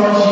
rush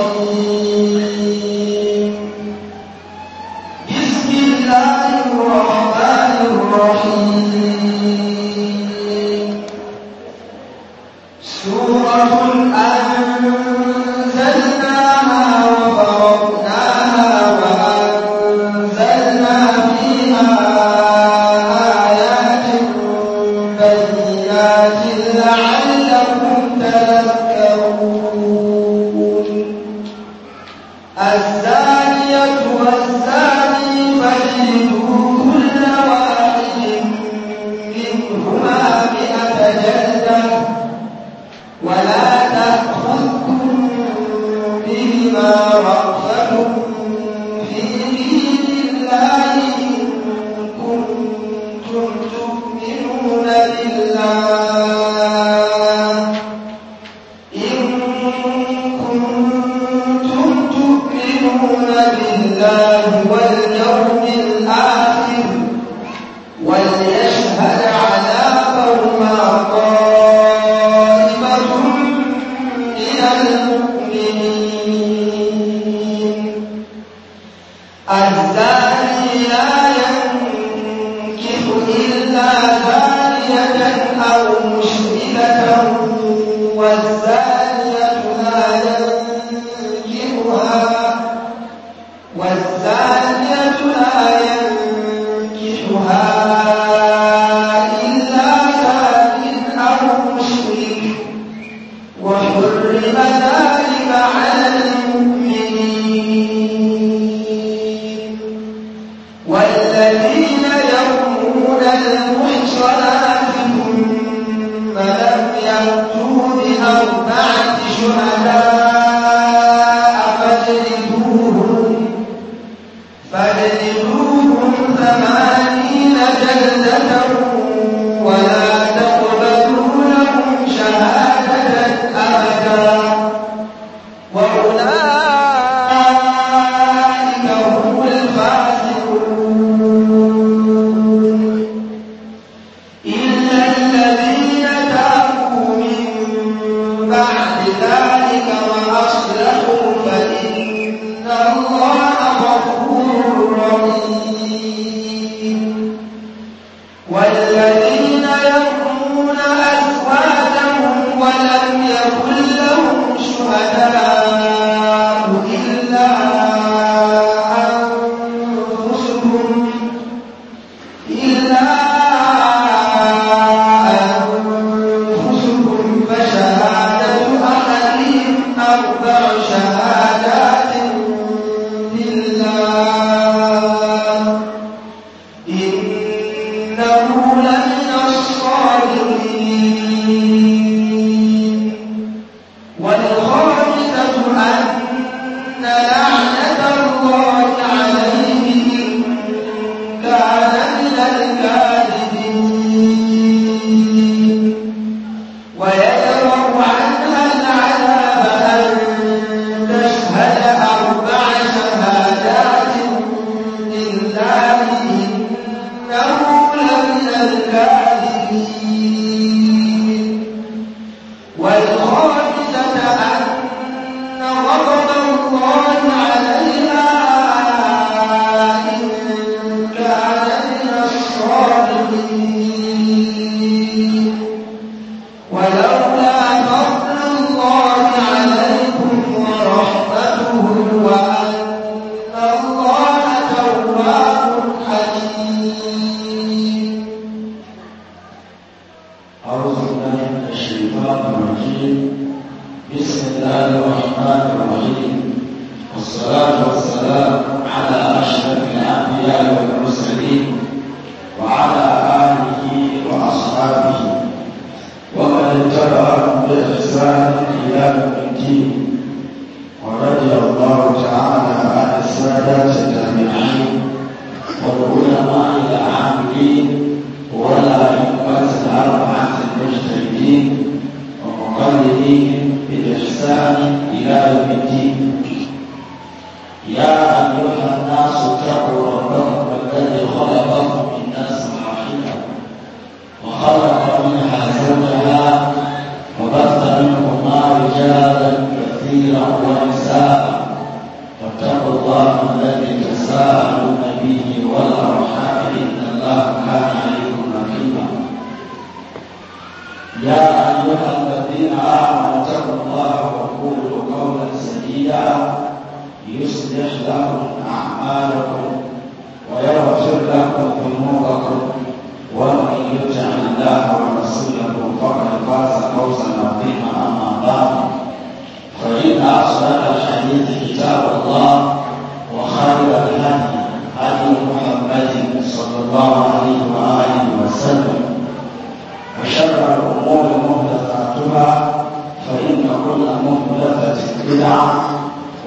بدعة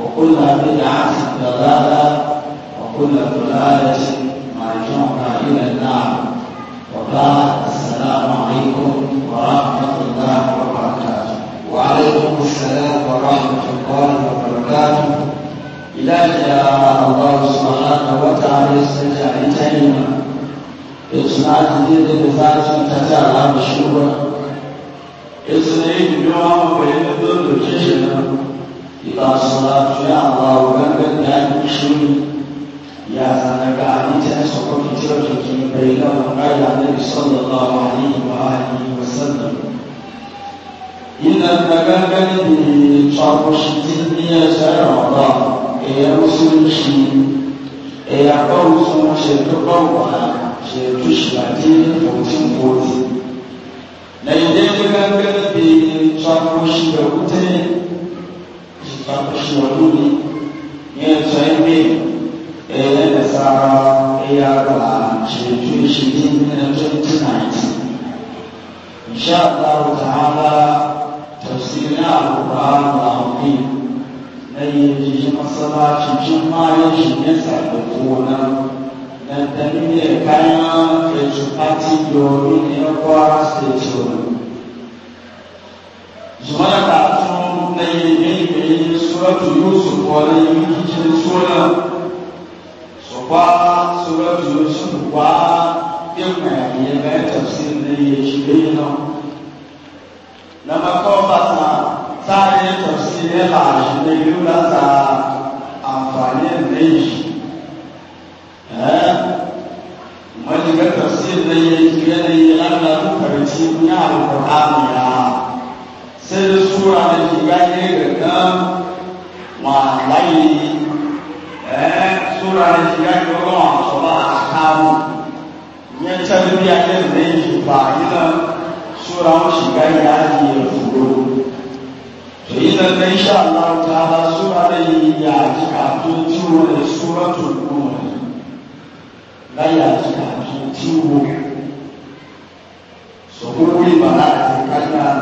وكل بدعة ضلالة وكل ضلالة يجمعنا إلى النار وبعد السلام عليكم ورحمة الله وبركاته وعليكم السلام ورحمة الله وبركاته إلهي الله سبحانه وتعالى استجعل كلمة إصلاح دين بذات تتعلم الشورى إصلاح يوم ويدل الجشن إذا صلاتنا الله وكبر ذلك شيء يا سنك علي تنسق في تركك بينهم قال النبي صلى الله عليه وآله وسلم إن المكان به شرب شتنية سيرضى يا رسول شيء يا قوم شتقوى شتشتين فوتين فوتين لأن المكان به شرب شتنية shafi wadudi ya tsaye ne da tsara ya ga shekaru shirin na 2019 insha Allah ta'ala tafsirin al-Qur'an al-Azim na yanzu masallacin juma'a shi ne zumana ka tun na yi ne ka yi suratu yusuf wala yi kicin sura su ba suratu yusuf ba ikma ya bai tafsir na yi shi bai nan na makon tsarin tafsir ya ba shi na yi rasa amfani da shi majigar tafsir na yi yanayi ana rukarci na alƙur'ani àwọn ìṣúra yẹn rẹ̀ náà wà láyé ẹ̀ sóra ìṣúra yẹn lọ́wọ́ àwọn sọ́lá àkáwò ìyẹn tẹ́lẹ̀ bí ayé rẹ̀ ìṣùpá yìí náà sóra wọn ṣìgá yẹn á di ẹ̀fọ́ èyí náà ní iṣẹ́ aláwọ̀ tààlà sóra rẹ̀ yìí àti kàtó tí wọ́n lè sóra tó kú wọn láyé àti kàtó tí wọ́n sọ̀kúrú ìbàlá àti kájà náà.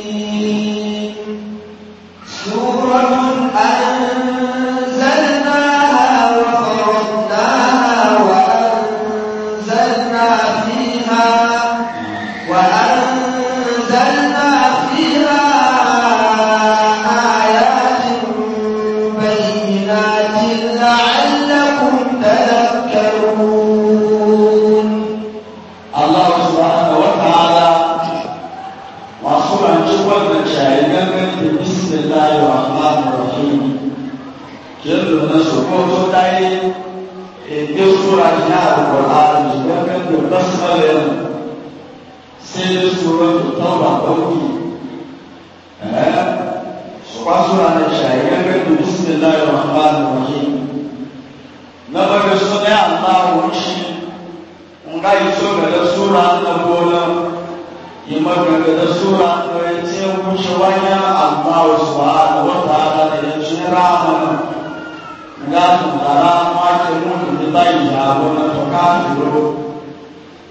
tara ake mutu ni bayi yabo na toka duro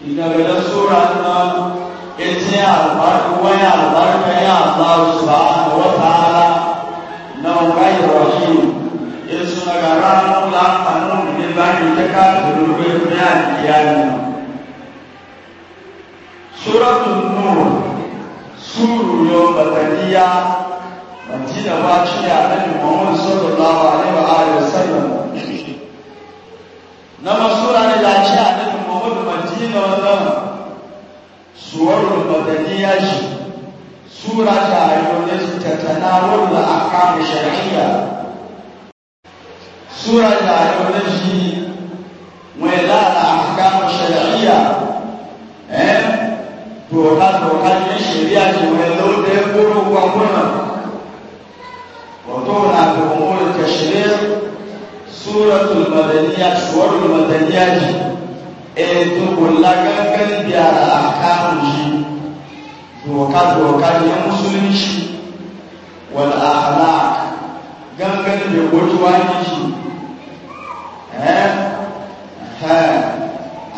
ìgbàgbẹ́lẹ́ sóra náà etí àlùbáríkà wáyà àlùbáríkà yà àlùbáríkà ṣùgbọ́n àwọn tààrà náà wáyà rọ̀hìn èso nàgàrà ńlá àná ní báyìí jẹ́ká duro pé ní àdìyà ni. sóra tó nù sùúrù yọ bàtàdíyà àti ìdàgbà àti ìyá àti ìmọ̀ọ́mọ́ sọ̀rọ̀ láwa àlẹ́ wa àlẹ́ sẹ́yìn na masura ne da ce a nan muhammadu madina wannan suwarul madaniya shi sura ta ayyone su ta tanawar da aka da shari'a sura ta ayyone shi mai da aka da shari'a eh doka doka ne shari'a ce mai lauta ya kuro kwakunan wato na kuma mulka shari'a suratul madaniya suwarul madaniya ji eto eh, wula gangan biyara a kamun shi doka doka ne musulunci wal akhlaq gangan da gojuwa ne shi eh ha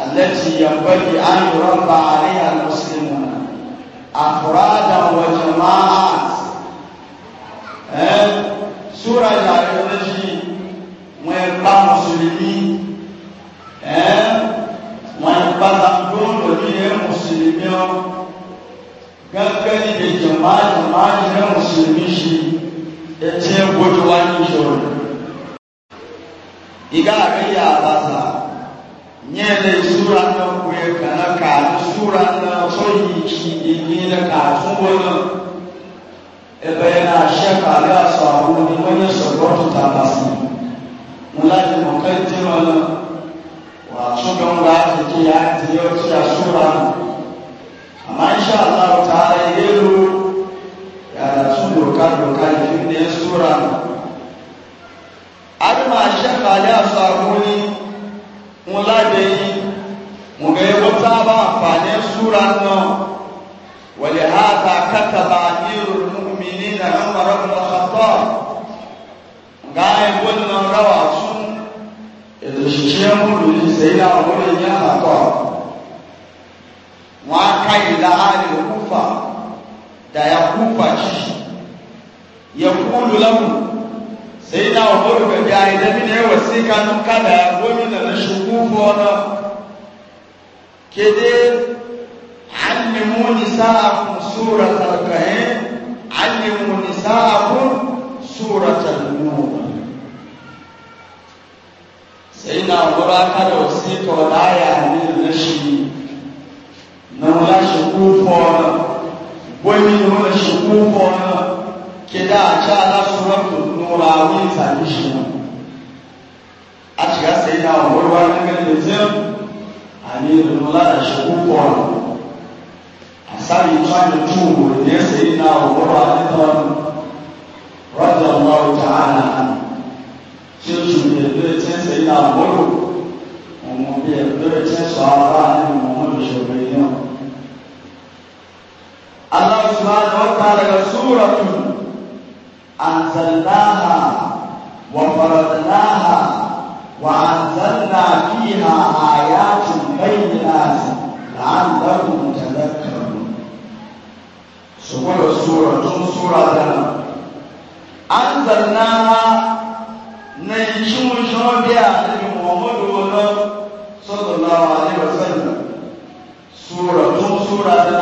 allati yanbaghi an yurabba alaiha almuslimuna afradan wa jama'at eh sura ya wọn bá mùsùlùmí ẹ wọn bá làǹdóńdó ní ẹ mùsùlùmí ọ gẹgẹ níbi jọmọ jọmọ ní ẹ mùsùlùmí ṣe ẹ tí ẹ gbójú wá ní ìṣòro ìgbà àríyá àbàzà nyɛ le sura na kue kana kaa sura na sɔyi ki ebi na kaa sunbo na ebe na ahyɛ kaa ne asɔ awo ni wɔnyɛ sɔgbɔ tuta basi mulaki mukaddimana wa sugan da ake ke ya ake yau ce a sura amma insha Allah ta yelo ya da su doka doka kin ne sura arma shekha ya sabuni mulaki mu ga yabo ta ba amfani sura nan ولهذا كتب أمير المؤمنين عمر بن الخطاب قال قلنا روى òṣìṣẹ́ múlùú sẹ́yìnlá ọ̀rọ̀ lè ní àlàkọ́ wọn á ká ìlà àlè òkúfà dàyà kúfà jì yẹ kúlù lẹ́mù sẹ́yìnlá ọ̀rọ̀ lè bẹ̀bẹ̀ àìdẹ́bí ní ẹwẹ̀ sí kanú kádà gómìnà ní ṣubú fọ́nà kéde ànìmú nìsáàkùn súrà tàkàyìn ànìmú nìsáàkùn súrà tàkàyìn sai na gudanar da wasika wa daya ne na shi na wula shi kufon wani wula shi kufon kida a ca na suratu nurawi sami shi nan a shiga sai na warwar ganin zin a ne da wula da shi kufon a sami tsani tuwo ne sai na warwar ganin radiyallahu ta'ala anhu 就是也对天谁打不住，我们也对天耍大，我们是没用。الله سبحانه وتعالى سورة أنزلناها وفرضناها وأنزلنا فيها آيات بينات لعلكم تذكرون سورة سورة سورة أنزلناها na ìṣúwò ṣọ́ọ́ bí àtẹ̀lẹ́ mọ̀mọ́dé wọn lọ sọ́dọ̀ láwọn àdéhùn sẹ́yìn súra tó súra tó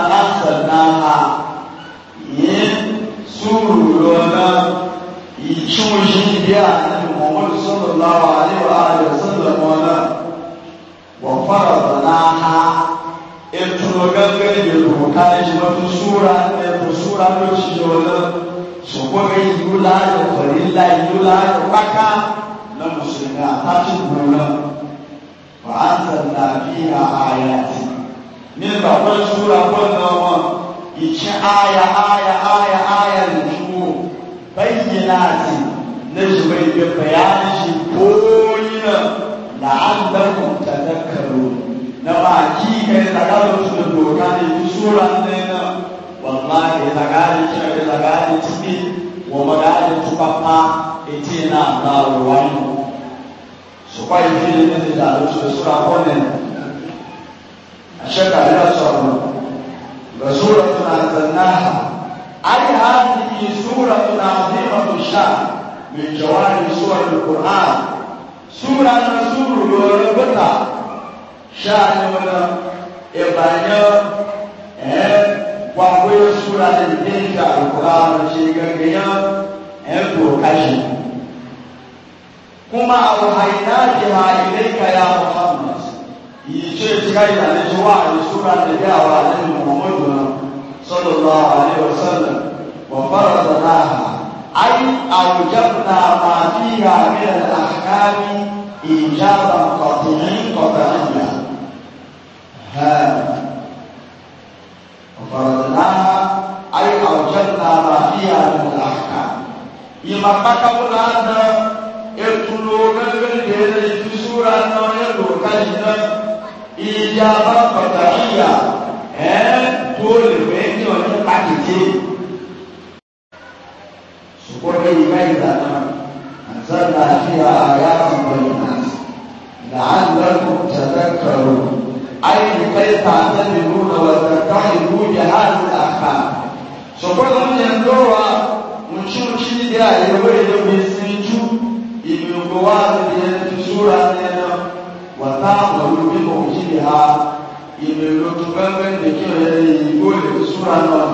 kéré ìtúsúra náà nílò káyì náà ìyá bá pàtàkì yà ẹ́ tó lè wẹ́ ní ọdún pàkìtì. ṣùgbọ́n lẹ́yìn báyìí dáná àtàlà àti àyà ọ̀gbọ̀n náà làálọ́kùn tẹ̀lẹ́kọ̀ọ́ ayélujára tààtà nínú àwọn ẹ̀ka ìlú yàrá àkà. ṣùgbọ́n lọ́nà ẹ̀ lọ́wọ́ àwọn tí ó kí ní ayé wẹ́ẹ̀lẹ́ mi sí jù ìgbìmọ̀ wá sí ẹni ṣúra ní ẹnu wàtá ọ̀rọ̀ bí mo kì í ha ìgbìmọ̀ tó fẹ́fẹ́ nìkí ọ̀yẹ́ ìgbó lè ṣúra náà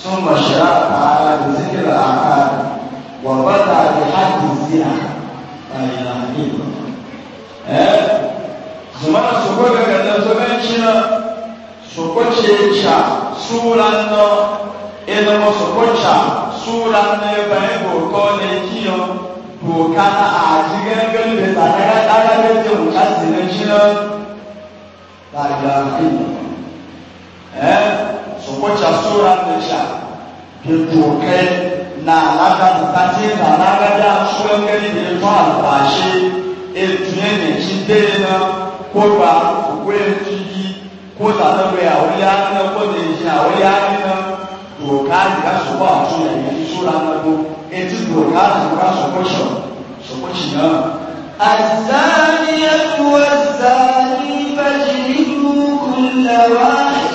súnmọ̀ ṣẹ́ra àkàrà àti síkìlà àkàrà wọ́n bá àti hàtì sí à àyìnlá nìyí. ẹ zùmọ́nà sọ́kọ́ gẹ́gẹ́ ní ọjọ́ bẹ́ńkì náà sọ́kọ́ ṣe ìṣà ṣúra náà ẹnu mọ́ sọ́kọ́ ṣà ṣúra náà ẹ̀ bá ẹ̀ bọ̀ kọ́ lẹ́yìn yìí doka na aji gangan da tsadara tsara da ke bukatu na jina ta gafi eh su kwace sura da sha ke dokai na alaka da na, ce ta alaka da shuwan gani da ya fa albashi etunye ne ci dai na ko ba ko ya ci ko ta ta bai a wuri ya ko da ya ci a wuri ya brokazi kasoko aso ya yi sora nago eti brokazi kasoko sọ soko tsi na. الزانية والزاني فاجلدوا كل واحد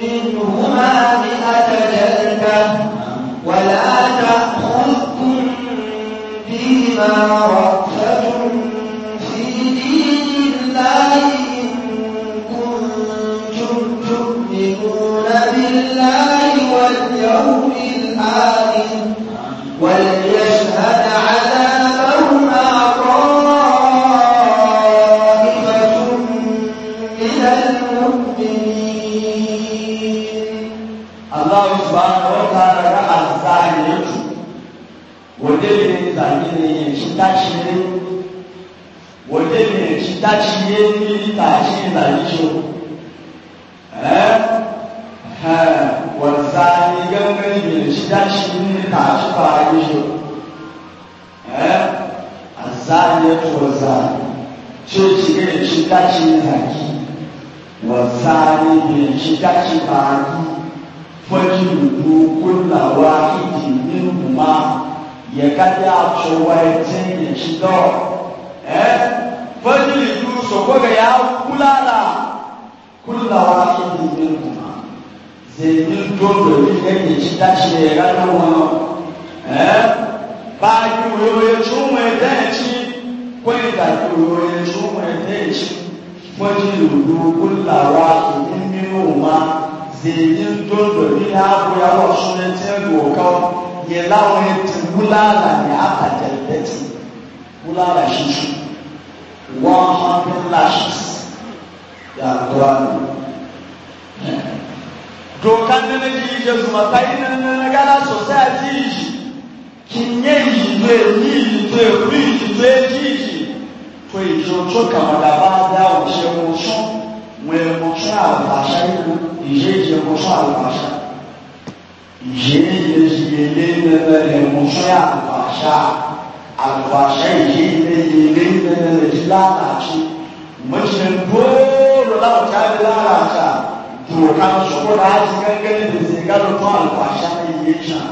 منهما مئة جلدة ولا تأخذكم بهما رأفة في دين الله إن كنتم تؤمنون بالله يوم الآخر وليشهد عليهم ejiji to izotoka madabada osemoso mwemoso alabasa iku iyeji emoso alabasa iyeyeziyelenemeremoso alabasa alabasa iyeyelenemerejilalati mọ̀sẹ̀gbọ́ọ̀rọ̀ láwọn tí a lè lára àṣà dùrọ̀ ká sọ́kọ́ láti gẹ́gẹ́ lè ṣe gálọ́tọ́ àlùfàṣà iye ṣàn.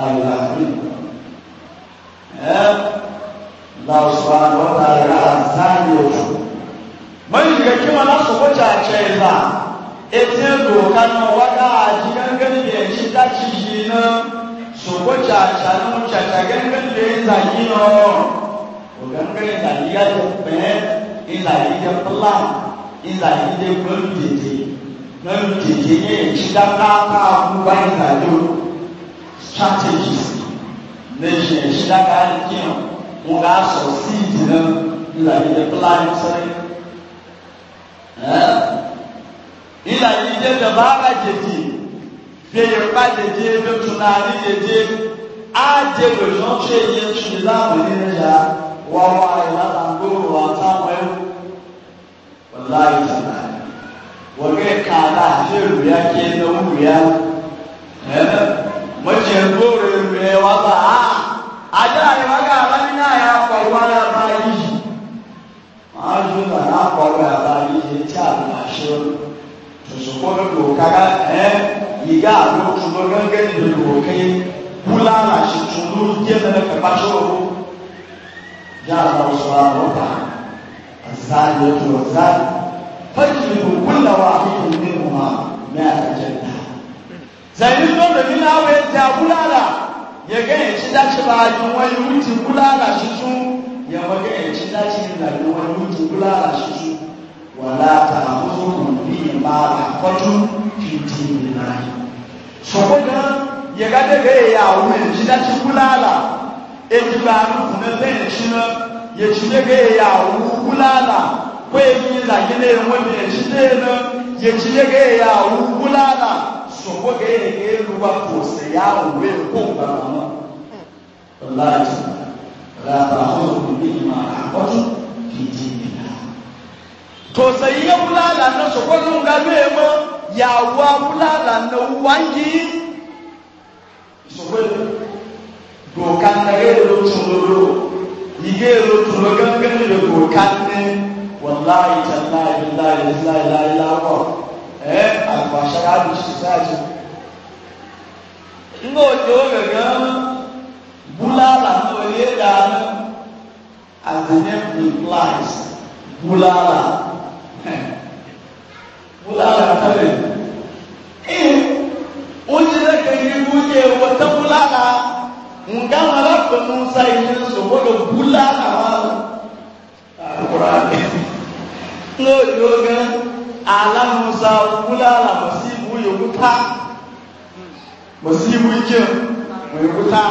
Àlùfàṣà Allah subhanahu wa ta'ala zani oṣù. Mọ́n ìgbẹ́ kí wọn lásán kó ṣe àṣẹ ìlà. Etí ẹ̀dùn ọ̀ka náà wá dáàjì gángan lè ṣí dájú yìí náà. Sòkó ṣe àṣà náà ṣàṣà gángan lè ìlà yìí náà. Ògángan ìlà yìí yá jẹ pẹ́, ìlà yìí pílà, ìlà yìí jẹ tètè. Gbọ́n tètè yẹ ìṣídá pátá àbúgbá ìlà yóò strategies na shi shi da ka hali kiyan mu ga so si jina ila yi da plan sai ila yi da da ba ka jeje be yi ba jeje be tunani jeje a je lo jon che ye tu la mo ni na ya wa wa ila ta ngo wa ta mo wallahi ta wa ga ka da je ru ya ke na mace gore mai wata a a da ne maka ramina ya faruwa ya bayi a zuwa na faruwa ya bayi ya ci abu na shirin to su kuma doka ga eh yi ga abu su ba gangani da dokai kula na shi tunu yadda na karɓa shirin ya Allah su ba wata azaliyatu wa zal fajiru kullu wahidin minhuma ma'a jannah zai zo da mina wai ta bulala ya ga ya ci dace ba yin wani wuce bulala shi su ya maga ya ci dace da yin wani wuce bulala shi su wala ta amuru bi ma a kwatu fiti na yi so kuma ya ga daga ya yawo ya ci dace bulala e ti ba ni kuma zai ci na ya ci daga ya yawo bulala ko ya yi zage ne wani ya ci ne na ya ci daga ya yawo bulala sọ̀kọ́ gẹ́gẹ́ gẹ́gẹ́ ló wà kò sí yá òwe kó gbà wọn. Láti rárá ọ̀rọ̀ ìlú ìmọ̀ àkọ́tún kìí ìlà. Tòsẹ̀ yíyá wúláàlà náà sọ̀kọ́ ló ń ga bẹ́ẹ̀ mọ́, yàwó wúláàlà náà wá ń yí. Sọ̀kọ́ gòkà náà yẹ́ ló tún lóró, ìgbé ló tún lọ gángan lè gòkà ní wàláì tàláì láì láì láì láì láwọ̀ àgbàṣára ló ṣe dájú ńgbà òjò rẹ̀ gan búláàlà ní oyè dáná as the name implies búláàlà búláàlà tẹ́lẹ̀ ee oúnjẹ náà kẹ́kẹ́ oúnjẹ wọ́tẹ́ búláàlà nga mara pẹ̀lú sáyẹn sọ̀gbọ́dọ̀ búláàlà wà lọ́wọ́ àkùrọ̀ àgbẹ̀ ńgbà òjò gan. alamusa wulala masibu yokuta masibu ike yokuta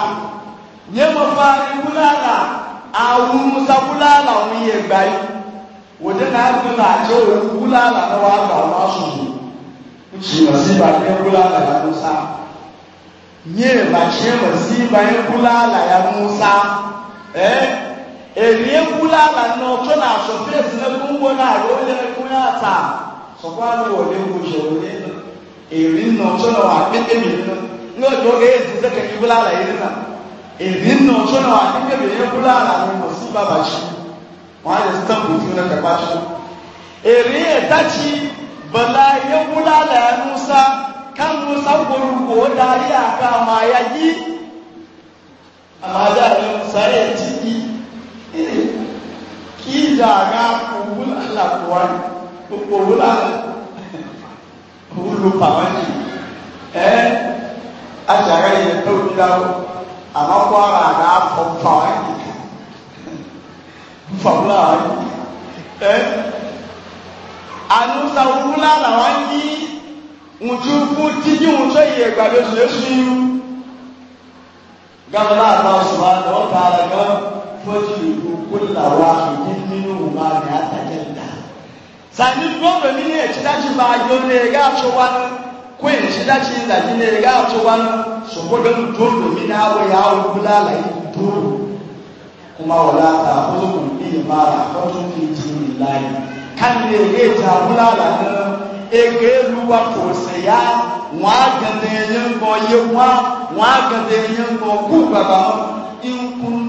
nyemafa wulala awumusa wulala wuye gbayi wòde náà ẹgbẹ náà àjọ òun wúlàlà náà wàá gbà wọn asòwò ntì màsíbà ní wúlàlà yà musa nyé màtí màsíbà ní wúlàlà yà musa ẹ ènìyẹ wúlàlà náà tó náà sọ fèsì náà kó ń na náà ló sọ̀kọ́ àlùwọ̀ lé gbòòṣè òní èrí nà ọ̀ṣọ́ nà wà pépé mi nínú ní ọjọ́ ọ̀gá èsì sẹ́kẹ̀ kí wúlá àlàyé nínà èrí nà ọ̀ṣọ́ nà wà pépé mi nínú wúlá àlàyé nà sí bàbá ṣì wọ́n á lè stampu fún ẹ̀ kẹ́kọ́ àṣọ. èrí ẹ̀dájì bala yẹ wúlá àlàyé musa ká musa gbòòrò darí àká àmà ayá yí àmà ajá gbogbo owó láàrín owó ló pa wọn jù ẹ aṣàrẹ yẹn tó ń dáwọ àmọ́ kó ara àná afọ fa wọn jù fa wọn láàrín ẹ anusa owó láàrín wọn yí ŋutsu fún títí ŋutsu yìí ẹgbàdóso esu gàmúlá àtàwọn sùn wọn lọ tààrà gán fún ti ìlú kó làwọn àfìdí nínú wọn àgbà àtàkì. sani dɔbɔ mi ni ekyidakyi baajo na ega ato wa no ko ekyidakyi ndagye na ega ato wa no sokodɔm dɔbɔ mi na awɔ ya awɔ ala yi kuma bi yi ma ti la yi kandi ege ta ala no ege wa se ya wɔn agɛnɛ enye ŋgɔ ye wɔn wɔn ŋgɔ ku baba ŋu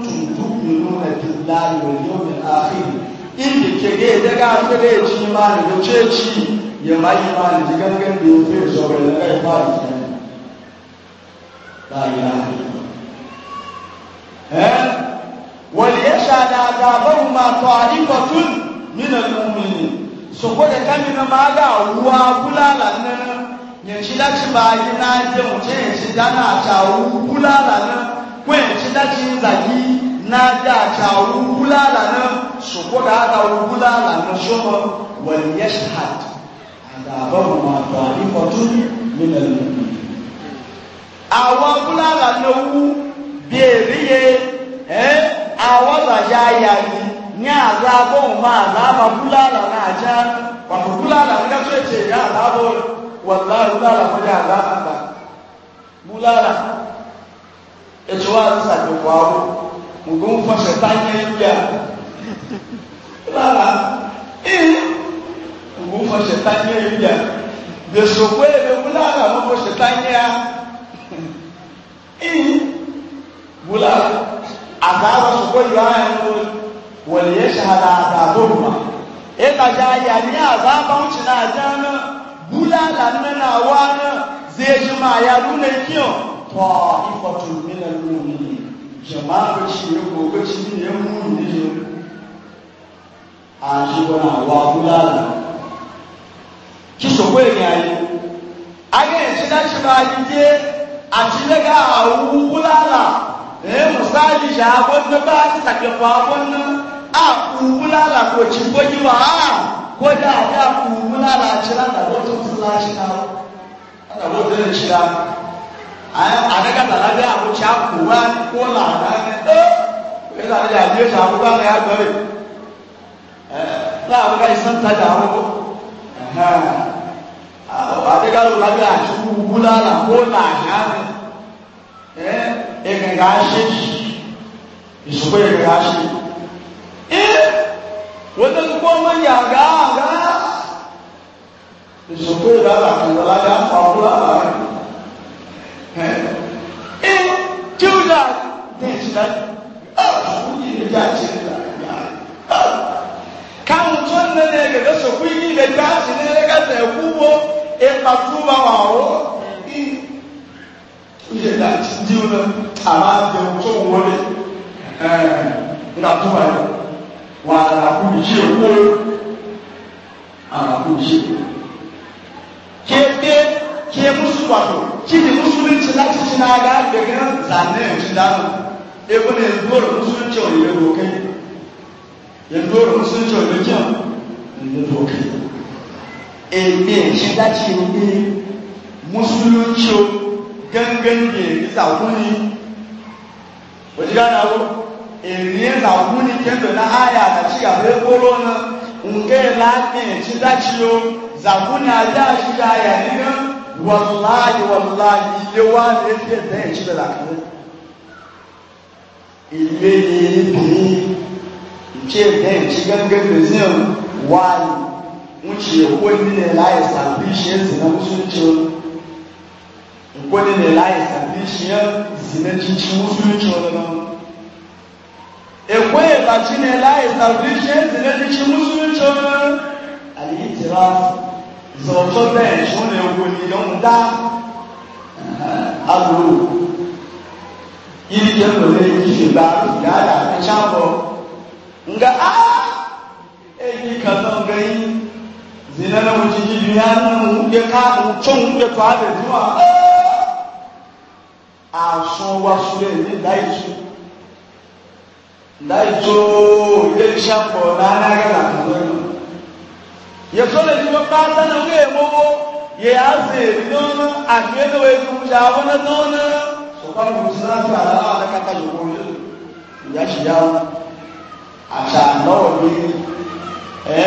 inda ke ga ya daga fere ya ci imani da ce ci ya ma imani ji gangan da ya fi zuwa da kai ba da kai la ilaha eh wal yashada azabahum ma ta'ifatun min al-mu'minin so ko da kami na ma ga ruwa bulala nan ya ci da ci ba yi na je mu ce ya ci dana ta bulala nan ko ya ci da ci zagi na da ta wugulala nan su kuka aka wugulala na shoma wal yashhad adaban ma tarifatun min al awa wugulala na wu beriye eh awa za ya ya ni ni azabo ma azaba wugulala na ja ba wugulala ga so ce ya azabo wallahi wugulala lana ya azaba wugulala etuwa sa ko wa mùgbó ń fọ́ ṣẹ̀tá yẹ lala rárá ee mùgbó ń fọ́ ṣẹ̀tá yẹ yíyá bẹ̀sọ̀kú ẹ̀ bẹ̀ wúlára ló fọ́ ṣẹ̀tá yẹ ya ee wúlára àtàwọn ṣùkọ́ yọ ayé ló wọ̀lẹ̀ yẹ ṣàhàdà àtàbọ̀ wà ẹ̀ tàjà ayà ní àzábà ń ṣìnà àjá náà wúlára nínú àwa náà zèèjì máa yà lónìí kíọ̀ jama'a ko ci ne ko ko ci na mu ne jo a ji wani wa kula da ki so ko ne ayi aga ya ci dace ba ki je a ci daga a wu kula da eh misali ja wanda ba ki take fa wannan a ku kula da ko ci ko ki ba ko da da ku kula da ci da na ana bodan anagata la bɛ ako tsa kura ko la ana ɛ ɛna ale y'a ye tsa ko ba la y'a gbɛ mi ɛ n'a bɛ ka isan ta dza ko ɛhɛn ale ka lɔ la bɛ ati wula la ko la ana ɛ ɛgɛ ka se ìsopɔ yɛ ka se ɛ wotɛ kó ɔmɛ yà gã gã ìsopɔ yɛ ka la kò la bɛ afa wula la. If do that, then she like, oh, we need to die. She like, oh. Count on the nigga, that's what we need to die. She like, I said, who will, if I prove our war, yẹ da di o na ala bẹ tó wọlé ẹẹ nga tó wà yẹ wà ala kò yí o ala kò yí o kéde ké musu wà tó kí la titi na aga gbẹgẹ zanẹ ìdánù ebo na ndoro musulunci ọyẹ wòkè ndoro musulunci ọyẹ jẹ ndòkè èmi ìṣẹdájì ní musulunci gẹngẹn yẹ ìsàkúnni òjìká náà wò èmi ìsàkúnni kẹntẹ náà ayé àtàtì àbẹ kóró náà nke láàmì ìṣẹdájì ó zàkúnni ajá àṣìṣe ayé àdìgán wàláyé wàláyé ilé wa ní ẹgbẹ́ bẹ́ẹ̀ ṣe bẹ̀rẹ̀ àkàrẹ́ ilé ní bìíní ìṣe bẹ́ẹ̀ ṣe gẹ́gẹ́ bẹ̀rẹ̀ wáyé ń ṣe èkó nílẹ̀ láì sàbí ṣe ń sìn náà ń ṣe èkó nílẹ̀ láì sàbí ṣe ń sìn náà ń ṣe ń ṣe ọ̀nà èkó ìbàjínẹ̀ láì sàbí ṣe ń sìn náà ń ṣe ń ṣe ọ̀nà àlè sọ̀tọ́ bẹ́ẹ̀ ṣó lè wo ni yọ̀ ń dá agolo yìí jẹ́ lòlẹ́ yìí bá yàrá ẹ̀ṣá nga á èyí kan náà nga yìí zina na wọ́n ti yí bi yá nínú ń gbé káàdùn tó ń gbé tó àlè dùn à àsun wa sulẹ̀ ní dáì tu ilé iṣẹ́ pọ̀ lánàá gàdà tó lọ́yọ̀ yɛtɔlɛ bi wɔkpaata na wɔyɛ mɔbɔ yɛ azɛ nɔnɔ agbɛ na wɔyɛ kumudza wɔnɛ nɔnɔ sɔkpa musana ta la ala kata yɛ wɔyɛ yasi ya atsa lɔwɔ bi ɛ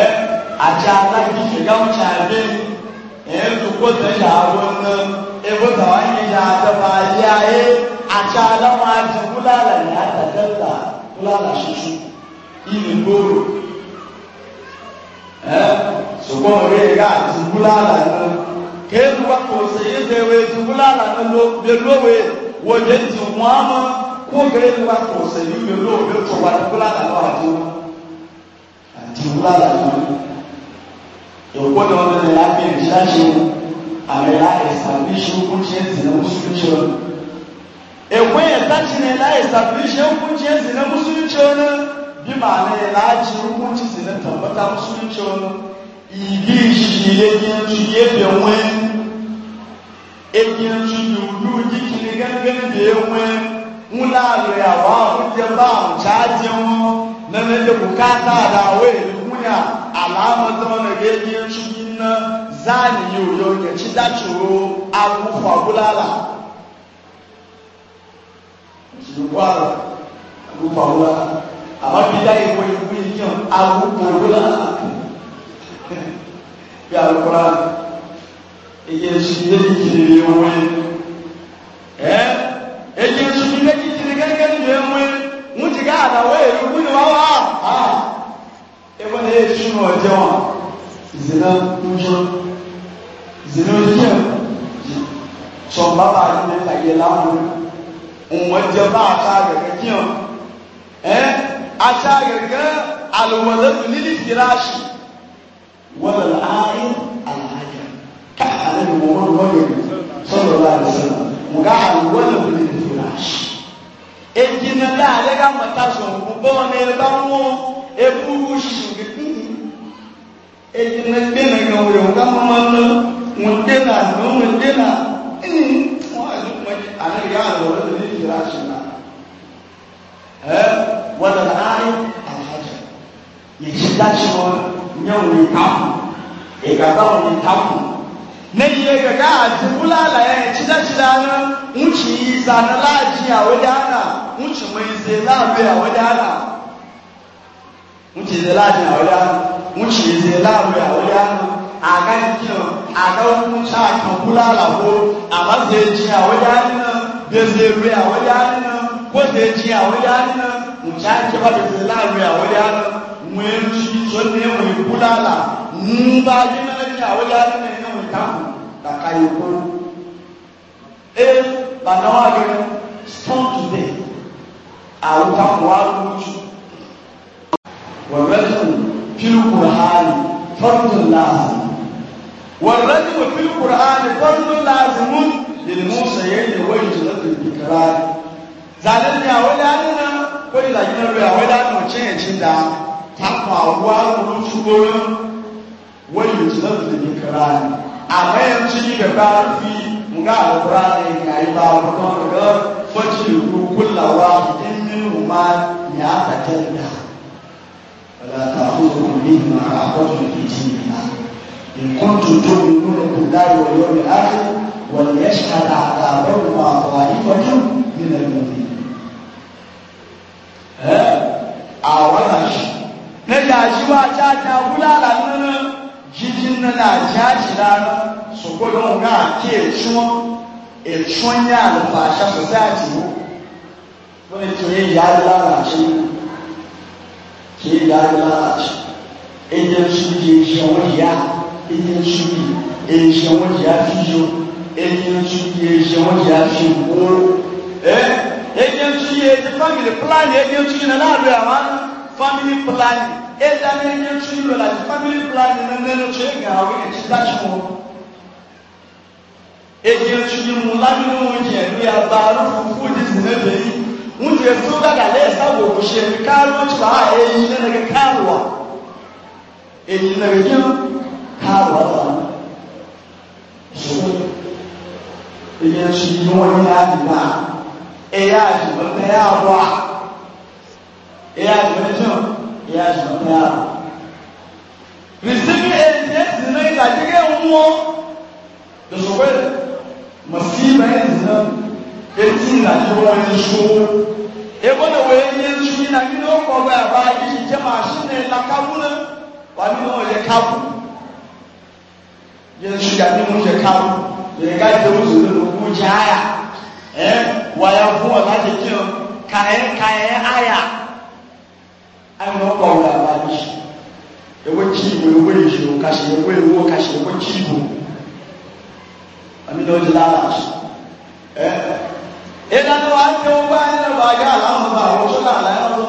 atsa alagi fika wotsa bi ɛ tukɔ tɛ ya wɔnɛ ewu ta ya tɛ ya ye atsa la ma ti wula la ya tɛ tɛ ta ṣùgbọ́n orí ẹ̀gá àti búláàlà náà kéèkù bá kò sí ìdèwé ti búláàlà náà ló bẹ lówe wòye ti wọ́n á mọ́ kó kéèkù bá kò sí ìdèwé lówe tó wà ní búláàlà náà àti àti búláàlà náà ìgbọ́dọ̀ ọdún ẹ̀yà bí ìṣáṣe àmìlá ìsàbíṣe ókúnṣe ìsìnà mùsùlùmí ẹ̀wọ́ ìtàṣì ní ẹ̀lá ìsàbíṣe ókúnṣe ìsìnà mùsùlùmí bí màá ní ẹ̀lá àjì ókúnṣe ìsìnà tàbátà mùsùlùmí ìdí ìṣìṣì ekintu yebe nwe ekintu yòlú dìkìlì gángan bìí nwe ńlá rẹ àwọn àwùjẹ bá àwọn jáde wọn nínú ẹjẹ bùkátà àdá àwọn èlú múnyà àlàámọtọ ọ̀nà gẹ́gẹ́ ekintu yìí ná záàni yìí òyò kẹ̀kí dàtúrò àbúfọ̀ àbúlálà ìṣèlú àrà àbúfọ̀ àbúlálà àbábídá ìwé ìwé yìí àbúfọ̀ bí alukura èyí èsì méjì jìnnì lè wé ẹ èyí èsì méjì jìnnì gẹ́gẹ́ lè wé ń ti ká àdáwó èyí kú ni wọ́n wá á ẹgbẹ́ ní èsì nù ọjọ́ wọn zina ń jọ zina ń jẹ sọ̀n bàbá yìí ní ìlàyé láwọn òun ọjọ́ bá a ká gẹ̀gẹ́ kí hàn ẹ a ká gẹ̀gẹ́ alùpùpù lílì fìlà ṣì. ولا العائد الحاجة كحل المؤمن وجد صلى الله عليه وسلم مقاعد ولا بالانفراش ejina laale ka mata sɔn bɔ ne ba ŋɔ ebu suge bi ejina gbɛna ka wuli o ka mama nyɛ wɔn taafo ɛgata wɔn taafo ne yie kaka adi bulala yɛ kyerɛkyerɛ ano ŋutsu yi zana laagye a wɔde ana ŋutsu mɛnze laabe a wɔde ana ŋutsu yi laagye a wɔde ana ŋutsu yi laabe a wɔde ana aga nkiri aga ŋutsu aka bulala ko abaze ekyi a wɔde ana beze ewe a wɔde ana kose ekyi a wɔde ana ŋutsu aka beze laabe a wɔde ana ŋun ci so ne ŋun kula la ŋun ba yi na ne a wala ne ne ŋun ta ŋun ta ka yi ko e ba na wa ge sɔn tu de a wo ta ŋun wa lu ju wa rɛtu fili kur'ani fardu laazim wa rɛtu fili kur'ani fardu laazimun lil musa yadda wani jinatu bi kirari zanen ne a wala ne na ko ila gina ruwa wala ne cin cin da tafawa wurin shugorin wani jinar da ne kira ne amma yanzu yi ga ƙarfi nga alƙura ne ya yi ba wani kuma ga fashi kullawa in min ma ya sakar da wala ta hudu ne ma a kwakwun ke ci na in kuntu to in nuna kullaye wa yau da ake wani ya shahada a tabar ma kwani kwanin min al-mutum eh? a wannan shi na yashiwa ta ta wulala nana jijin na na jaji rana su gudun ga ke cun e cun ya alfasha su za ci mu wani ke ya lalace ke ya lalace inda su ke shawar ya inda su ke shawar ya fi yo inda su ke shawar ya fi goro eh inda su ke family plan inda su ke na na abu ya family planning ẹ̀dá ní ẹ̀yẹ tún yìí lọ́la ti family planning ní ẹ̀yẹ tún yìí gàá wọ́n ẹ̀jẹ̀ dájú wọn. ẹ̀jẹ̀ tún yìí mú lánàá wọn jẹ̀ ní àgbà arúgbó fún ìdíje náà lẹ́yìn wọ́n jẹ́ fún gàgàlẹ́ ẹ̀sáwò òṣèlú káàró tí wàá ẹ̀yìn náà lẹ́gẹ̀ káàró wa ẹ̀yìn náà lẹ́gẹ̀ káàró wa wà ní. ẹ̀yẹ tún yìí wọ́n yá àdìbà ẹ̀yà àdìbà ẹ̀yà àbọ̀ eya admission eya admission receiving aid zina yi ta kike nwo dosokwe masiba yi zina eti na ti wọn yi so ebo na wee nye nsu yi na kí ni o kọ bẹ aba yi jẹ ma si ne la kabu na wa ni o yẹ kabu yẹ nsu ya ni mo yẹ kabu yẹ ka jẹ o zina o ko jẹ aya ẹ wa ya fún ọ láti kí ọ kàyẹ aya aimọ̀pọ̀ wọ àbáyé ewé kíìbò ewé ìṣòro kàṣì ewé ewó kàṣì ewé kíìbò àmìlẹ̀ òjì lálàṣì ẹ́ ìdájọ́ wa ti ń bá ẹni lọ́wọ́ ayé àláwọ̀ bá àwọn sọ́lá àláyọ̀ lọ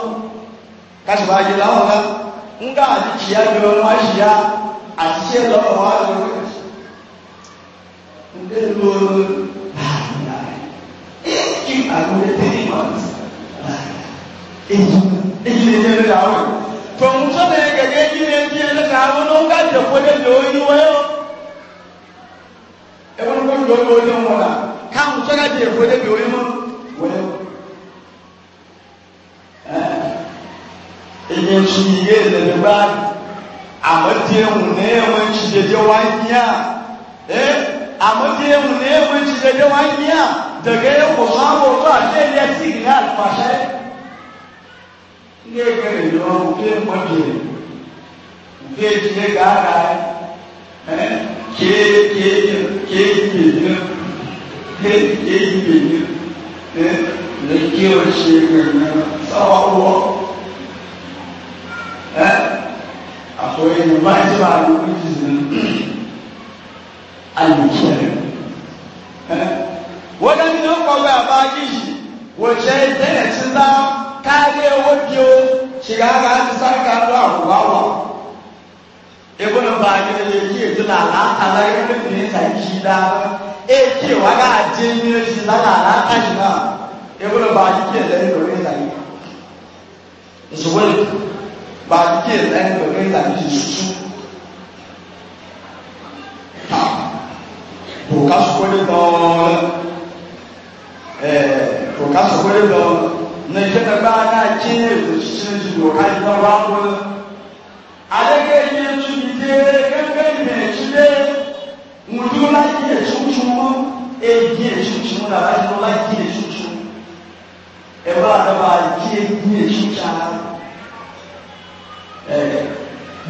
kàṣì bá ayé láwọ̀ ká ń gá àti kìá jọ wọn àṣìyá àti ṣe lọ́wọ́ wa lọ ń dé lóòrùn láàrín láàrín kí àgùnlé tẹ́lẹ̀ mọ́tì eji eji ne jẹ lẹta awọn to muso ne gẹgẹ eji ne jẹ lẹta awọn n'o ka jẹ fọdẹ lẹ o yi wọyọ ẹwọn kò lọ lọ lọ wọn la ká muso ka jẹ fọdẹ lẹ o yi mọ wọyọ eyi nsu yi yé lẹbi báyìí amadiẹ mu ne ẹwọn nsu jẹjẹ wa nyia ẹ amadiẹ mu ne ẹwọn nsu jẹjẹ wa nyia dẹgẹ ẹwọ sọ abọ tó a ti yẹ ti yẹ alifasẹ ilé ìgbẹ́rẹ̀ yìí wọn kò fẹ́ mọ́ bìrì kò fẹ́ tiẹ̀ gàgà ẹ kéé kéé kéé bìrì kéé kéé bìrì ẹ lè kí o ṣe gbẹ̀gbẹ̀ sọ́wọ́ wọ́ ẹ àpò ẹ̀yìn báyìí tí wàá lò ó ti sìn alùpùpù ẹ wọ́n dání ní ọkọ̀ kaage woddio shigaga ati sarka do awawa ebona baage ye ki eto la la ala ye ni sa kida e ki waga aje ni si la la la ajina ebona baage ki le ni do ni sa ni so wele baage ki le ni do ni sa ni su ta ko kasu ko de do ka sɔgbɔ yi do sisi ba b'a bolo ale ke yi tu yi de kɛkɛ yi mɛ tu de ŋutu la yi yɛ tuntun e yi yɛ tuntun la la yi la yi yɛ tuntun e ba la ba yi yɛ yi yɛ tuntun la ɛɛ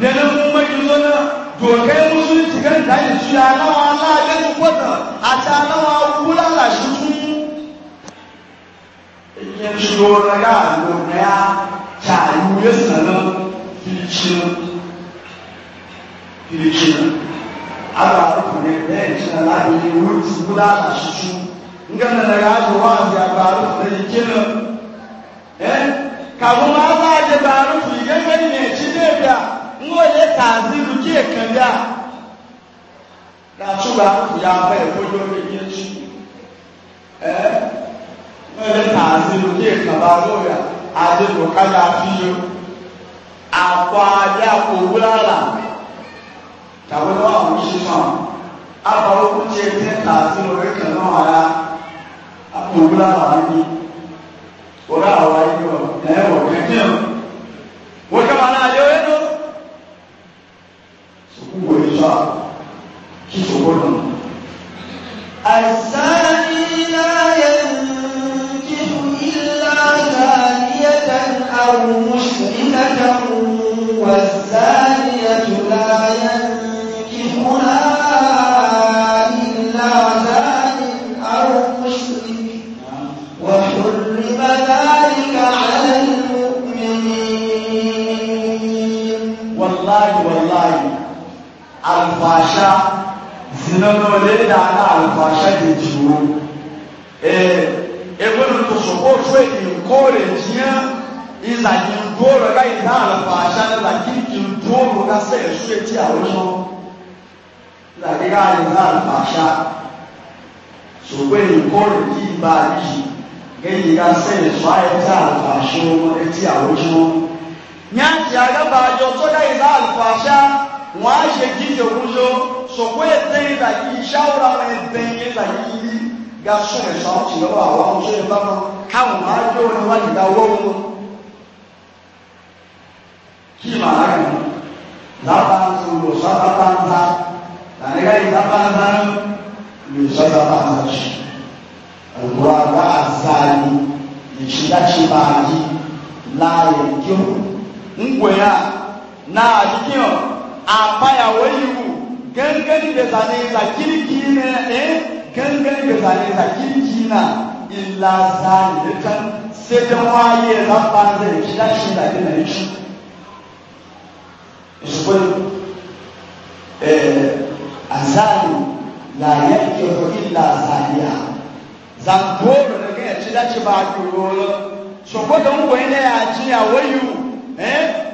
nɛnɛ mun na. dokai musulunci kan da na ganin kwata a 也是说那个我们呀，下雨也是呢，雨天，雨天，阿拉都可能那天那雨我只不打打湿湿，你看那那个说话是阿拉都可能见了，哎，卡布马萨这阿拉都应该年轻点的，我这啥子都健康的，那出来不要被我就没进去，哎。ẹ̀rẹ́ tààzìrò ní ìkàbà lóòyà àdìrò káyà fíyó àpò adé àpò wúlára tàbí lọ́wọ́ àwọn oṣù náà àbáwọ̀ kú tí ẹ tẹ́ tààzìrò ẹ̀kẹ́ náà ara àpò wúlára wọn ni wọ́n àwọn ayé wọn ẹ̀ wọ̀ kẹ́kẹ́ wọ́n kẹ́ wọn náà yọ ẹnu sùkú wò ní sọ kí sùkú nù. àìsàn ni láyé ń. أو مشركة والزانية لا ينكحها إلا زان أو مشرك وحرم ذلك على المؤمنين والله والله الفاشا زنانو ليدا على الفاشا يجيو إيه إيه ولو تصبحوا شوي encourage izajin doro ga ina alfasha na zakirkin doro ga sai su ya ci a wurin zaki ga ina alfasha su gwani korki ba shi gani ga sai su ya ci alfasha ya ci a wurin nyanti agaba jo soda ina alfasha wọn a ṣe jíjẹ wúlò sọkò ẹsẹ ìdàgí ìṣàwòrán àwọn ẹsẹ ìdàgí yìí ga sún ẹsọ ọtí lọwọ àwọn ọmọ sọyìn bá wọn káwọn máa jó níwájú ìdáwó wọn kima lagi lapan puluh satu tanpa dan negara lapan enam lusada tanah Al-Quran azali ìṣúdá ṣe máa yí láàyè kí ó ń gbòyà náà àdíkíyàn àpáyàwó ìwù gẹ́gẹ́ ní gbèsà ní ìsà kíríkírí náà ẹ́ gẹ́gẹ́ ní gbèsà ní ìsà kíríkírí náà ìlàzà nìkan ṣe tí wọ́n á yẹ lápá ń bẹ̀rẹ̀ ìṣúdá ṣe ìdàgbé nàìjíríà ìṣùgbọ́n azali la yẹ́kì ọ̀rọ̀ ìlà azaliya zangoro na kẹ́ ẹ̀kí láti bá gbogbo lọ ṣùgbọ́n tó ń wọ̀ ilẹ̀ àjí àwọ̀ yìí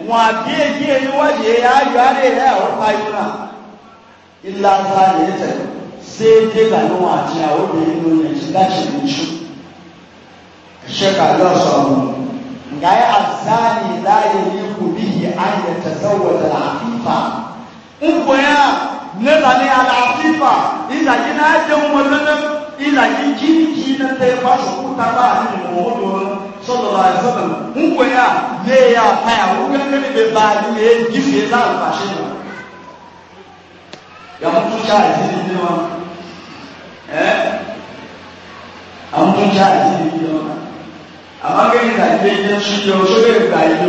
wọn àbí èyí èyí wọ́dì èyí ayọ̀ àrẹ ilẹ̀ àwọn pàyọ̀ náà ìlà azaliya tẹ̀ ṣé dégà ní wọn àjí àwọ̀ bẹ̀rẹ̀ ní ọ̀nà ìjì láti ìṣú ẹ̀ṣẹ́ kàlọ́ sọ̀rọ̀ gaya azani la yaliku bihi an yatazawwaja al-afifa in koya ne da ne al-afifa in da kina da wannan in da kin kin na ta ba su kuta ba ni muhammadu sallallahu alaihi wasallam in koya ne ya faya wurin ne be ba ni ne gife za al bashin ya mutu sha izini ne ma eh an mutu sha izini amma kai da yayyen shi yau so da ga yi